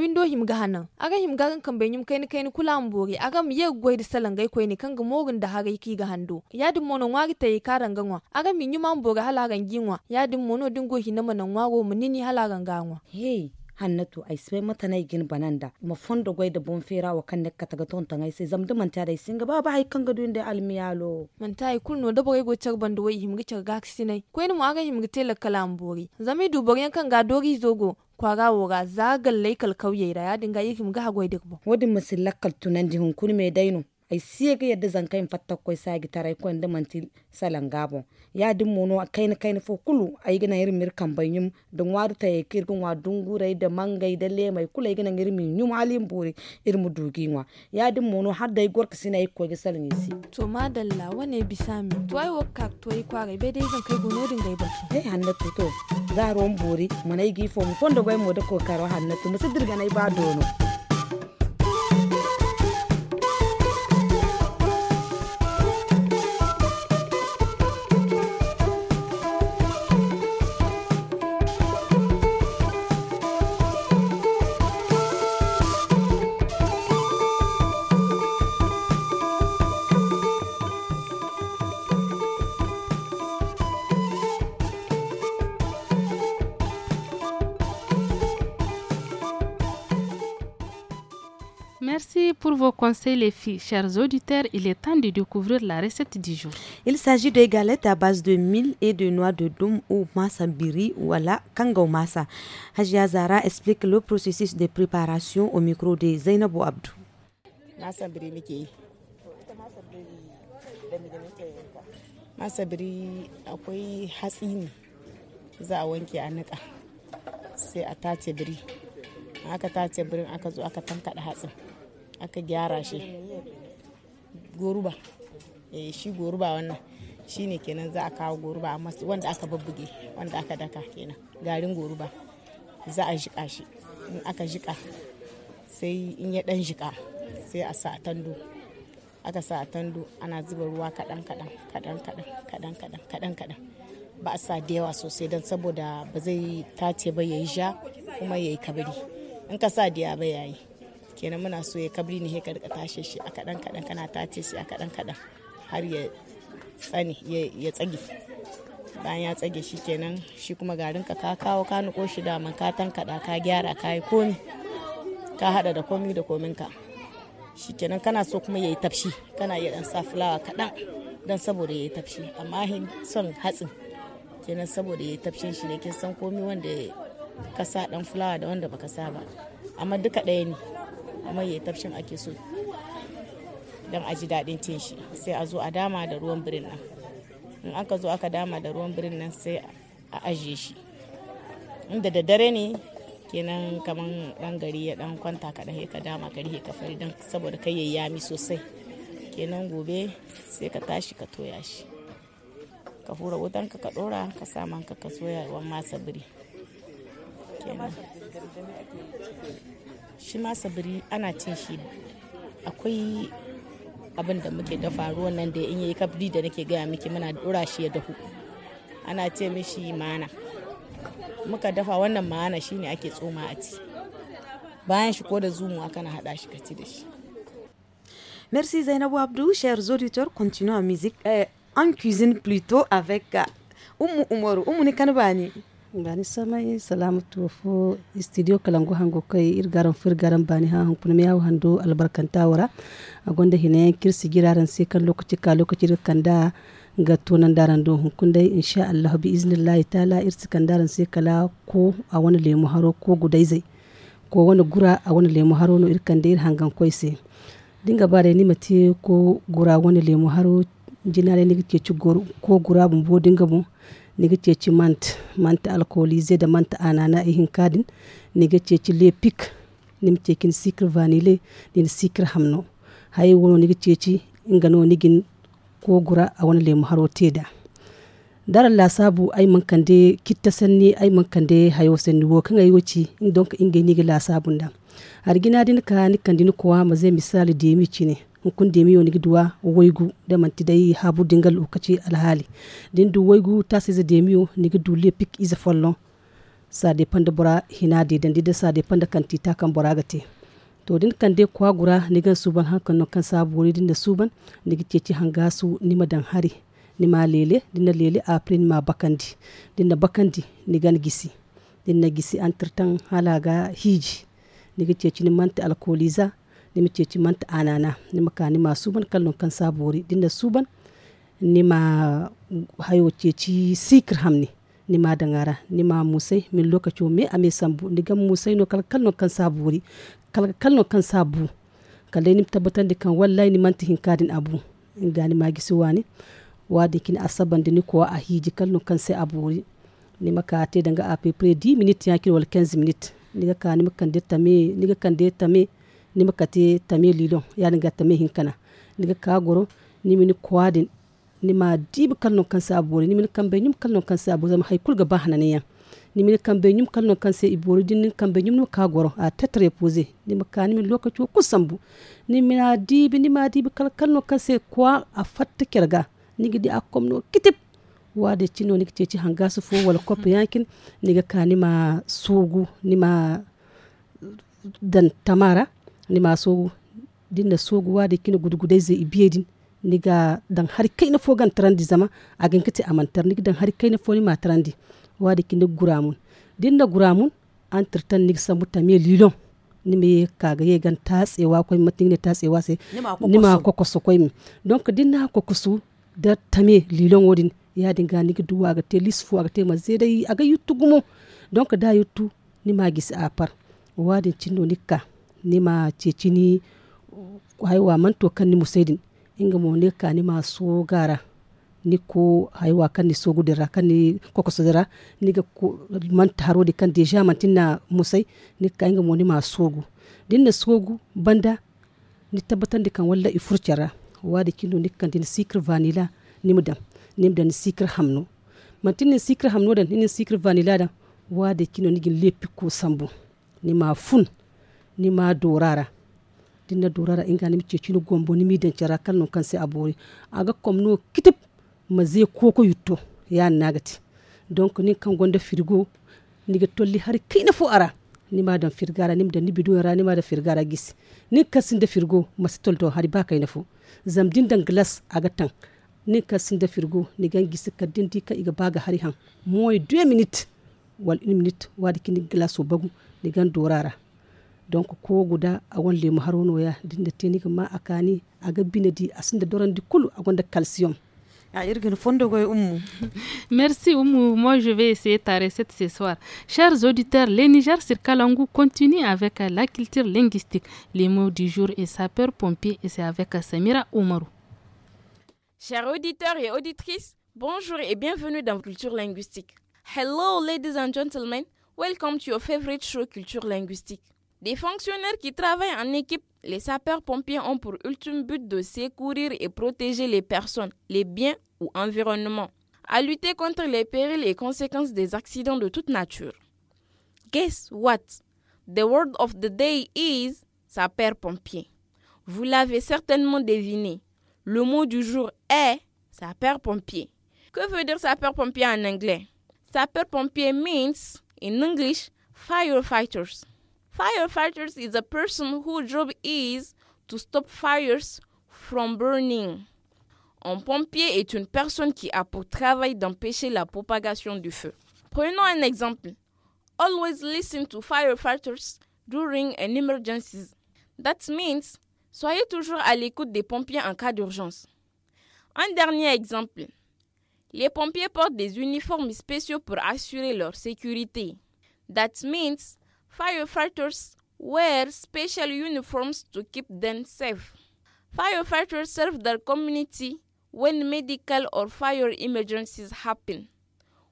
B: windo
H: him ga hanan ga him ga kan benyum kai ni kai ni kula am bori ga mi ye goy da salan gai koi ni kan ga mogun da haga ki ga hando yadin dum mono ta tayi karan ganwa aga mi nyuma am bori halagan ginwa yadin
B: dum mono dingo hinama na wago munini halagan ganwa hey hannatu ai sai mata nai gin bananda ma fondo gwai da bon fera wa kan nekka taga ton tangai sai zamdu manta tare singa baba hay kan gadu inda almiyalo manta tai kulno da go gocar bandu wai himgi car gaksi nai ko ni mu aga himgi tela
H: kalam bori zami dubori kan ga dori zogo kwaga woga zagal laikal kauye ra ya
B: dinga yi ga hagwai dik bo wodin misillakal tunan di kun me daino ai ga yadda zan kai fatta koi sagi tarai ko inda manti salan gabo ya din mono kai ni kai ni fo kulu ai gina irin mir banyum don wadu ta yake gun wa dungurai da mangai da le mai kula gina irin min yum alim bore irin mu duginwa ya din mono har dai gorka sina yi kogi salan yisi
H: to madalla wane bisami to ai wakka to yi kwarai bai zan kai gono din gai baki
B: eh hanna to ron bore manai gifo mu fonda gwai mu da kokaro hannatu musu dirga nai ba dono
A: Merci pour vos conseils, les filles. Chers auditeurs, il est temps de découvrir la recette du jour.
B: Il s'agit de galettes à base de mil et de noix de doum ou masambiri ou à la kangaumasa. Hajia explique le processus de préparation au micro de Zainabou Abdou.
P: Masabiri akwai masabiri za a wanke a sai a tace biri aka tace aka aka gyara shi goruba eh shi goruba wannan shine kenan za a kawo goruba amma wanda aka babbuge wanda aka daka kenan garin goruba za a jika shi in aka jika sai in ya dan jika sai a sa tando aka sa tando ana zuba ruwa kadan kadan kadan kadan kadan kadan kadan kadan ba a sa da yawa sosai don saboda ba zai tace ba yayi ja kuma yayi kabari in ka sa da yawa ba yayi kenan muna so ya kabri ne ka rika tashe shi a kadan kadan kana tace shi a kadan kadan har ya tsani ya tsage bayan ya tsage shi kenan shi kuma garin ka ka kawo ka nuko shi da man ka tankada ka gyara ka yi komi ka hada da komi da komin ka shi kenan kana so kuma yayi tafshi kana iya dan sa fulawa kadan dan saboda yayi tafshi amma son hatsin kenan saboda yayi tafshin shi ne kin san komi wanda ka sa dan fulawa da wanda baka sa ba amma duka ɗaya ne amma ya tafshin ake so don a ji daɗin cin shi sai a zo a dama da ruwan birin nan in aka zo aka dama da ruwan birin nan sai a ajiye shi inda da dare ne kenan kamar ɗan gari ya ɗan kwanta kaɗan ka dama gari ka fari don saboda kai ya yami sosai kenan gobe sai ka tashi ka toya shi ka hura wutan ka ka ɗora ka sa man ka soya wan masa biri shi ma sabiri ana cin shi akwai abin da muke dafa ruwan nan da in yi kabri da nake gaya miki muna dora shi ya dahu ana ce mishi mana muka dafa wannan ma'ana shine ake tsoma a ci bayan shi ko da zumu aka na hada shi kaci da shi
B: merci zainabu abdu chers auditeurs continuons en musique euh, en cuisine plutôt avec euh, Oumou Oumourou Oumou ne
N: bani samai salamatu fo studio kalangu hango kay irgaran firgaran bani ha han kunmi yawo hando albarkanta wara agonda hine kirsi giraran sai kan lokaci ka lokaci kan da ga tunan daran don hukun dai insha Allah bi iznillah ta'ala irsi kan daran sai kala ko a wani lemu haro ko gudai zai ko wani gura a wani lemu haro no irkan da hangan koi sai dinga bare ni mate ko gura wani lemu haro jinare ni ke ci ko gura bo dinga mu. nega ceci mant mante alcoolisé da mant anana ihin e kadin nega ceci le pic nim cekin sucre vanille nin sucre hamno hay wono nega ceci ingano nigin ko gura a wani lemu haro teda dara la sabu ay man kande kitta sanni ay man kande hayo sanni wo kan ayo ci donc inge nigi la sabu nda har gina din ka ni kandini kowa misali de ci ne hunkunde mi yoni duwa woygu de man tidai habu dingal ukaci alhali din du woygu ta seze de mi ni du le pik iza follon sa de panda bora hinade dandi dida sa de panda kanti ta kan bora gate to din kan de kwa gura nigan suban hankan no kan sabori din da suban nigi hanga hangasu nima madan hari nima lele dina lele a après ma bakandi dina bakandi gan gisi dina gisi entretan halaga hiji nigi ceci ni mante alcoolisa nima ceci manta anana nima ka nima suban kallon kan sabori dinda suban nima hayo ceci sikir hamni nima dangara nima musai min lokaci me ame sambu nigam musai no kalkal no kan sabori kalkal no kan sabu kalle nim tabbatan di kan wallahi ni manti hin kadin abu inga ni magi suwani wadi kin asaban di ni ko a hiji kal kan sai abori nima ka te danga a peu près 10 minutes yakin wal 15 minutes niga ka nima kan de tame niga kan de tame nima kati tame lilon yani ga tame kana. niga ka goro nimini kwadin nima dibi kalno kan sabori nimini kambe nyum kalno kan sabo zama haikul ga bahana ne yan nimini kambe nyum kalno kan se ibori din kambe nyum no ka goro a tetre pose nima ka nimi lokaci ko kusambu nimina dibi nima dibi kal kalno kan se kwa a fatta kerga nigi di no kitip wade cino nigi ceci hangasu fo wala kopi mm-hmm. yankin. niga ka nima sugu nima dan tamara nima sogu dinna sogu wade kina gudgudai ze i ni niga dan har kaina fo gan tarandi zama agin kiti amantar niga dan hari kaina fo ma tarandi wade kina guramun dinna guramun an tirtan niga sambu tamiya lilon nima ye kaga ye gan tatsewa koi matin ne tatsewa se nima kokosu koi mi donc dinna kokosu da tame lilon wodin ya dinga niga duwa ga te lisfu ga te ma zedai aga yuttu gumo donc da yuttu nima gisi apar wadin cindo nikka nima ni haiwa man to kan ni musaidin inga mo ne ka ma so gara ni ko haiwa kan ni sogu dira kan ni kokoso dira ni ga ko man taro de kan deja man tinna musai ni ka inga mo nima sogu dinna sogu banda ni tabbatan de kan walla ifurcara wadi kino ni kan din sikr vanilla ni nimdan sikr hamno man tinna sikr hamno dan ni sikr vanilla dan wadi kino ni gin lepi ko sambu ni ma fun Ni nima dorara dinna dorara inga ce cinu gombo nimi dencara kal non kan sai a bori aga komno kitip ma ze koko yutto ya nagati donc ni kan gonda firgo ga tolli har kina fu ara ni ma dan firgara nim dan ni bidu ara ma dan firgara gis ni kasin da firgo masu tolto har ba kai zam din dan glass aga tan ni kasin da firgo ni gis gisi din di ka iga baga hari han moy 2 minutes wal 1 minute wadi kini glass bagu ni nigan dorara donc a ma calcium
A: Merci Oumou, moi je vais essayer ta recette ce soir. Chers auditeurs, les Niger sur Kalangu continue avec la culture linguistique. Les mots du jour et sapeur-pompier et c'est avec Samira Oumarou.
Q: Chers auditeurs et auditrices, bonjour et bienvenue dans Culture linguistique. Hello ladies and gentlemen, welcome to your favorite show Culture linguistique. Des fonctionnaires qui travaillent en équipe, les sapeurs-pompiers ont pour ultime but de secourir et protéger les personnes, les biens ou l'environnement. à lutter contre les périls et conséquences des accidents de toute nature. Guess what? The word of the day is sapeur-pompier. Vous l'avez certainement deviné. Le mot du jour est sapeur-pompier. Que veut dire sapeur-pompier en anglais? Sapeur-pompier means, in English, firefighters. Firefighters is a person whose job is to stop fires from burning. Un pompier est une personne qui a pour travail d'empêcher la propagation du feu. Prenons un exemple. Always listen to firefighters during an emergency. That means, soyez toujours à l'écoute des pompiers en cas d'urgence. Un dernier exemple. Les pompiers portent des uniformes spéciaux pour assurer leur sécurité. That means, Firefighters wear special uniforms to keep them safe. Firefighters serve their community when medical or fire emergencies happen,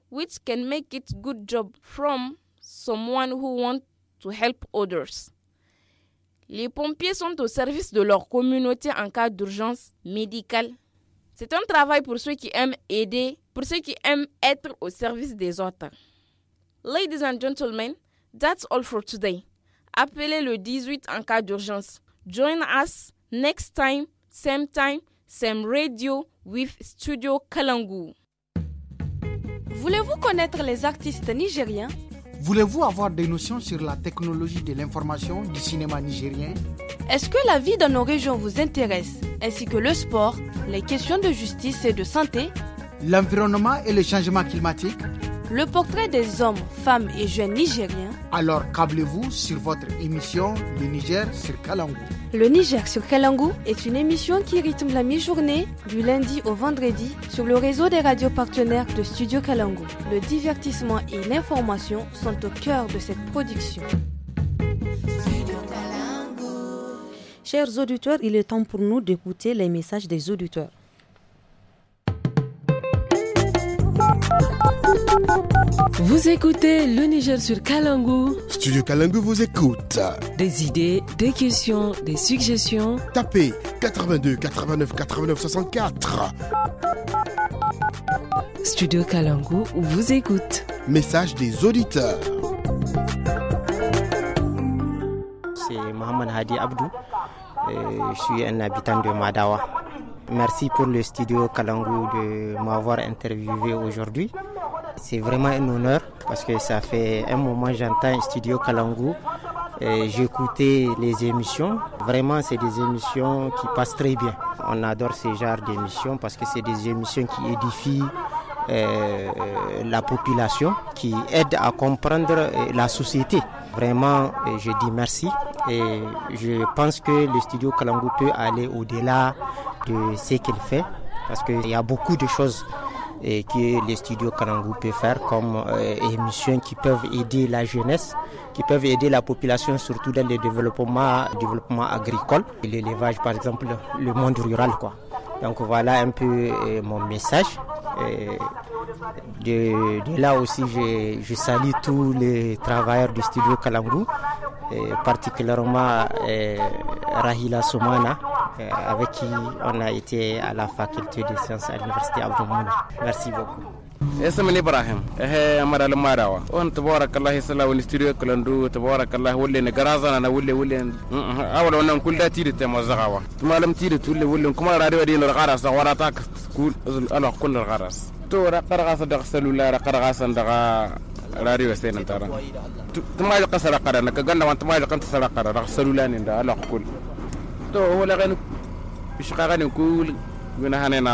Q: which can make it good job from someone who wants to help others. Les pompiers sont au service de leur communauté en cas d'urgence médicale. C'est un travail pour ceux qui aiment aider, pour ceux qui aiment être au service des autres. Ladies and gentlemen, That's all for today. Appelez le 18 en cas d'urgence. Join us next time, same time, same radio with Studio Kalangu. Voulez-vous connaître les artistes
H: nigériens
G: Voulez-vous avoir des notions sur la technologie de l'information du cinéma nigérien
H: Est-ce que la vie dans nos régions vous intéresse, ainsi que le sport, les questions de justice et de santé
G: L'environnement et le changement climatique
H: le portrait des hommes, femmes et jeunes nigériens.
G: Alors câblez-vous sur votre émission Le Niger sur kalango
H: Le Niger sur kalango est une émission qui rythme la mi-journée du lundi au vendredi sur le réseau des radios partenaires de Studio kalango Le divertissement et l'information sont au cœur de cette production.
B: Chers auditeurs, il est temps pour nous d'écouter les messages des auditeurs.
H: Vous
A: écoutez le Niger sur Kalangu.
J: Studio Kalangu vous écoute. Des idées, des questions, des suggestions. Tapez 82 89 89 64. Studio Kalangu vous écoute. Message
G: des auditeurs.
K: C'est Mohamed Hadi Abdou. Euh, je suis un habitant de Madawa. Merci pour le studio Kalangu de m'avoir interviewé aujourd'hui. C'est vraiment un honneur parce que ça fait un moment j'entends Studio Kalangu. J'écoutais les émissions. Vraiment, c'est des émissions qui passent très bien. On adore ce genre d'émissions parce que c'est des émissions qui édifient euh, la population, qui aident à comprendre euh, la société. Vraiment, euh, je dis merci et je pense que le studio Kalangu peut aller au-delà de ce qu'il fait parce qu'il y a beaucoup de choses et que les studios Kanangou peuvent faire comme euh, émissions qui peuvent aider la jeunesse, qui peuvent aider la population surtout dans le développement, développement agricole, l'élevage par exemple, le monde rural quoi. Donc voilà un peu euh, mon message. Euh, de, là aussi, je, salue tous les travailleurs du studio Kalangu, euh, particulièrement Rahila Soumana, avec qui on a été à la faculté des sciences à l'université Abdoumouni. Merci beaucoup. اسم ابراهيم
L: اه مرا المراوة وان تبارك الله يسلا ونستريو كلندو تبارك الله ولي نقرازنا انا ولي ولي اول وانا كل ده تيرت ما زغاوة ما لم تيرت ولي ولي كما راديو دين الغرس وراتاك كل انا كل الغرس تورا قرغاس دغ لا قرغاس دغ راديو سين ترى تما القصر قرنا كغنا وانت ما القنت سرا قرنا رسلولان ده انا كل تو هو لغن بشقاغن كل غنا هنا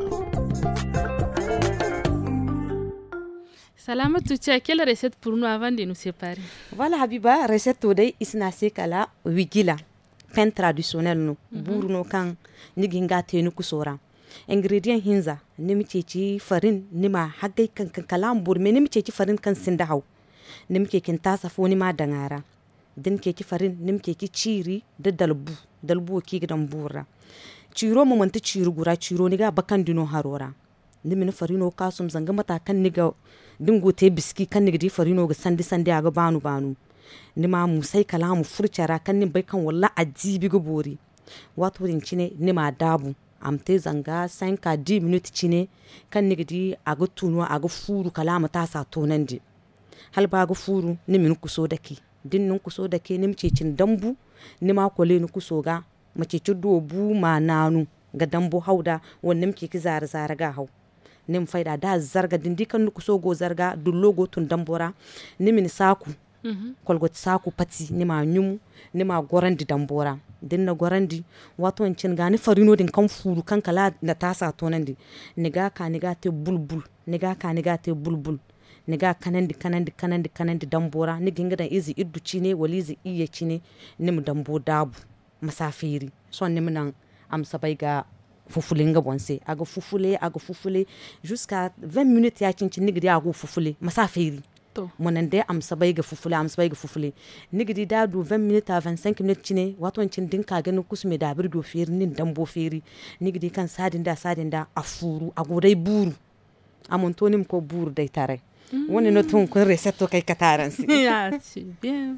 A: salama tu as quelle recette pour nous avant de nous séparer Voilà, Habiba, recette today la sekala
B: wigila. Pain traditionnel no, mm -hmm. burno kan ni ginga tenu kusora. Ingredient hinza, ni miceci farin, ni ma hagai kan kan kalam burme ni miceci farin kan sinda hau. Ni mikekin tasa fo ni ma dangara. Din keki farin, ni mikeki ciri de dalbu, dalbu ki gidan burra. Ciro mu manta ciro gura ciro ni ga bakan dino harora. Ni min farino kasum zanga matakan ni ga dingo te biski kan nigdi farino ga sandi sandi aga banu banu ma musai kalamu furcara kan nin bai kan walla ajibi ga bori wato rin cine ma dabu amte zanga san ka di minute cine kan nigdi aga tunu aga furu kalamu ta sa tonan di hal ba ga furu ni min kuso dake din nun kuso dake cin dambu ma kole ni kuso ga ci dobu ma nanu ga dambu hauda wannan ke ki zare zare ga hau nem faida da zarga dindika nuku sogo zarga dullogo tun dambora nimin saku mm -hmm. kolgot saku pati nima nyumu nima gorandi dambora din na gorandi wato cin gani farino din kan furu kan kala na tasa tonandi niga ka niga te bulbul niga ka niga te bulbul niga kanandi kanandi kanandi kanandi dambora ni gingidan izi iddu cine walizi iya cine nim dambo dabu masafiri son nim nan amsa bai ga fufule nga bonse aga fufule aga fufule jusqu'à 20 minutes ya cinci nigidi aga fufule masa feri Mon dai am sabaye ga fufule am sabaye fufule nigidi da du 20 minutes a 25 minutes cine waton cin din ka da bir do feri nin dambo feri nigidi kan sadin da sadin da afuru agodai buru amontonim ko buru dai tare mm. woni no tun ko resetto kai kataransi
A: bien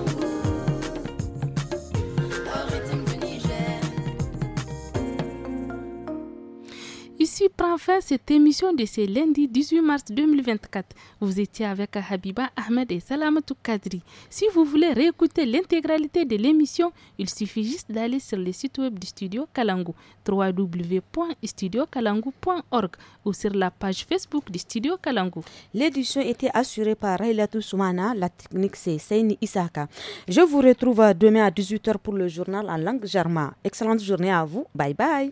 A: Ici prend fin cette émission de ce lundi 18 mars 2024. Vous étiez avec Habiba Ahmed et Salamatou Kadri. Si vous voulez réécouter l'intégralité de l'émission, il suffit juste d'aller sur le site web du studio Kalangu, www.studiokalangu.org ou sur la page Facebook du studio Kalangu. L'édition était assurée par Raylatou Soumana, la technique
B: c'est Seini Isaka. Je vous retrouve demain à 18h pour le journal en langue jarma. Excellente
G: journée à vous. Bye bye.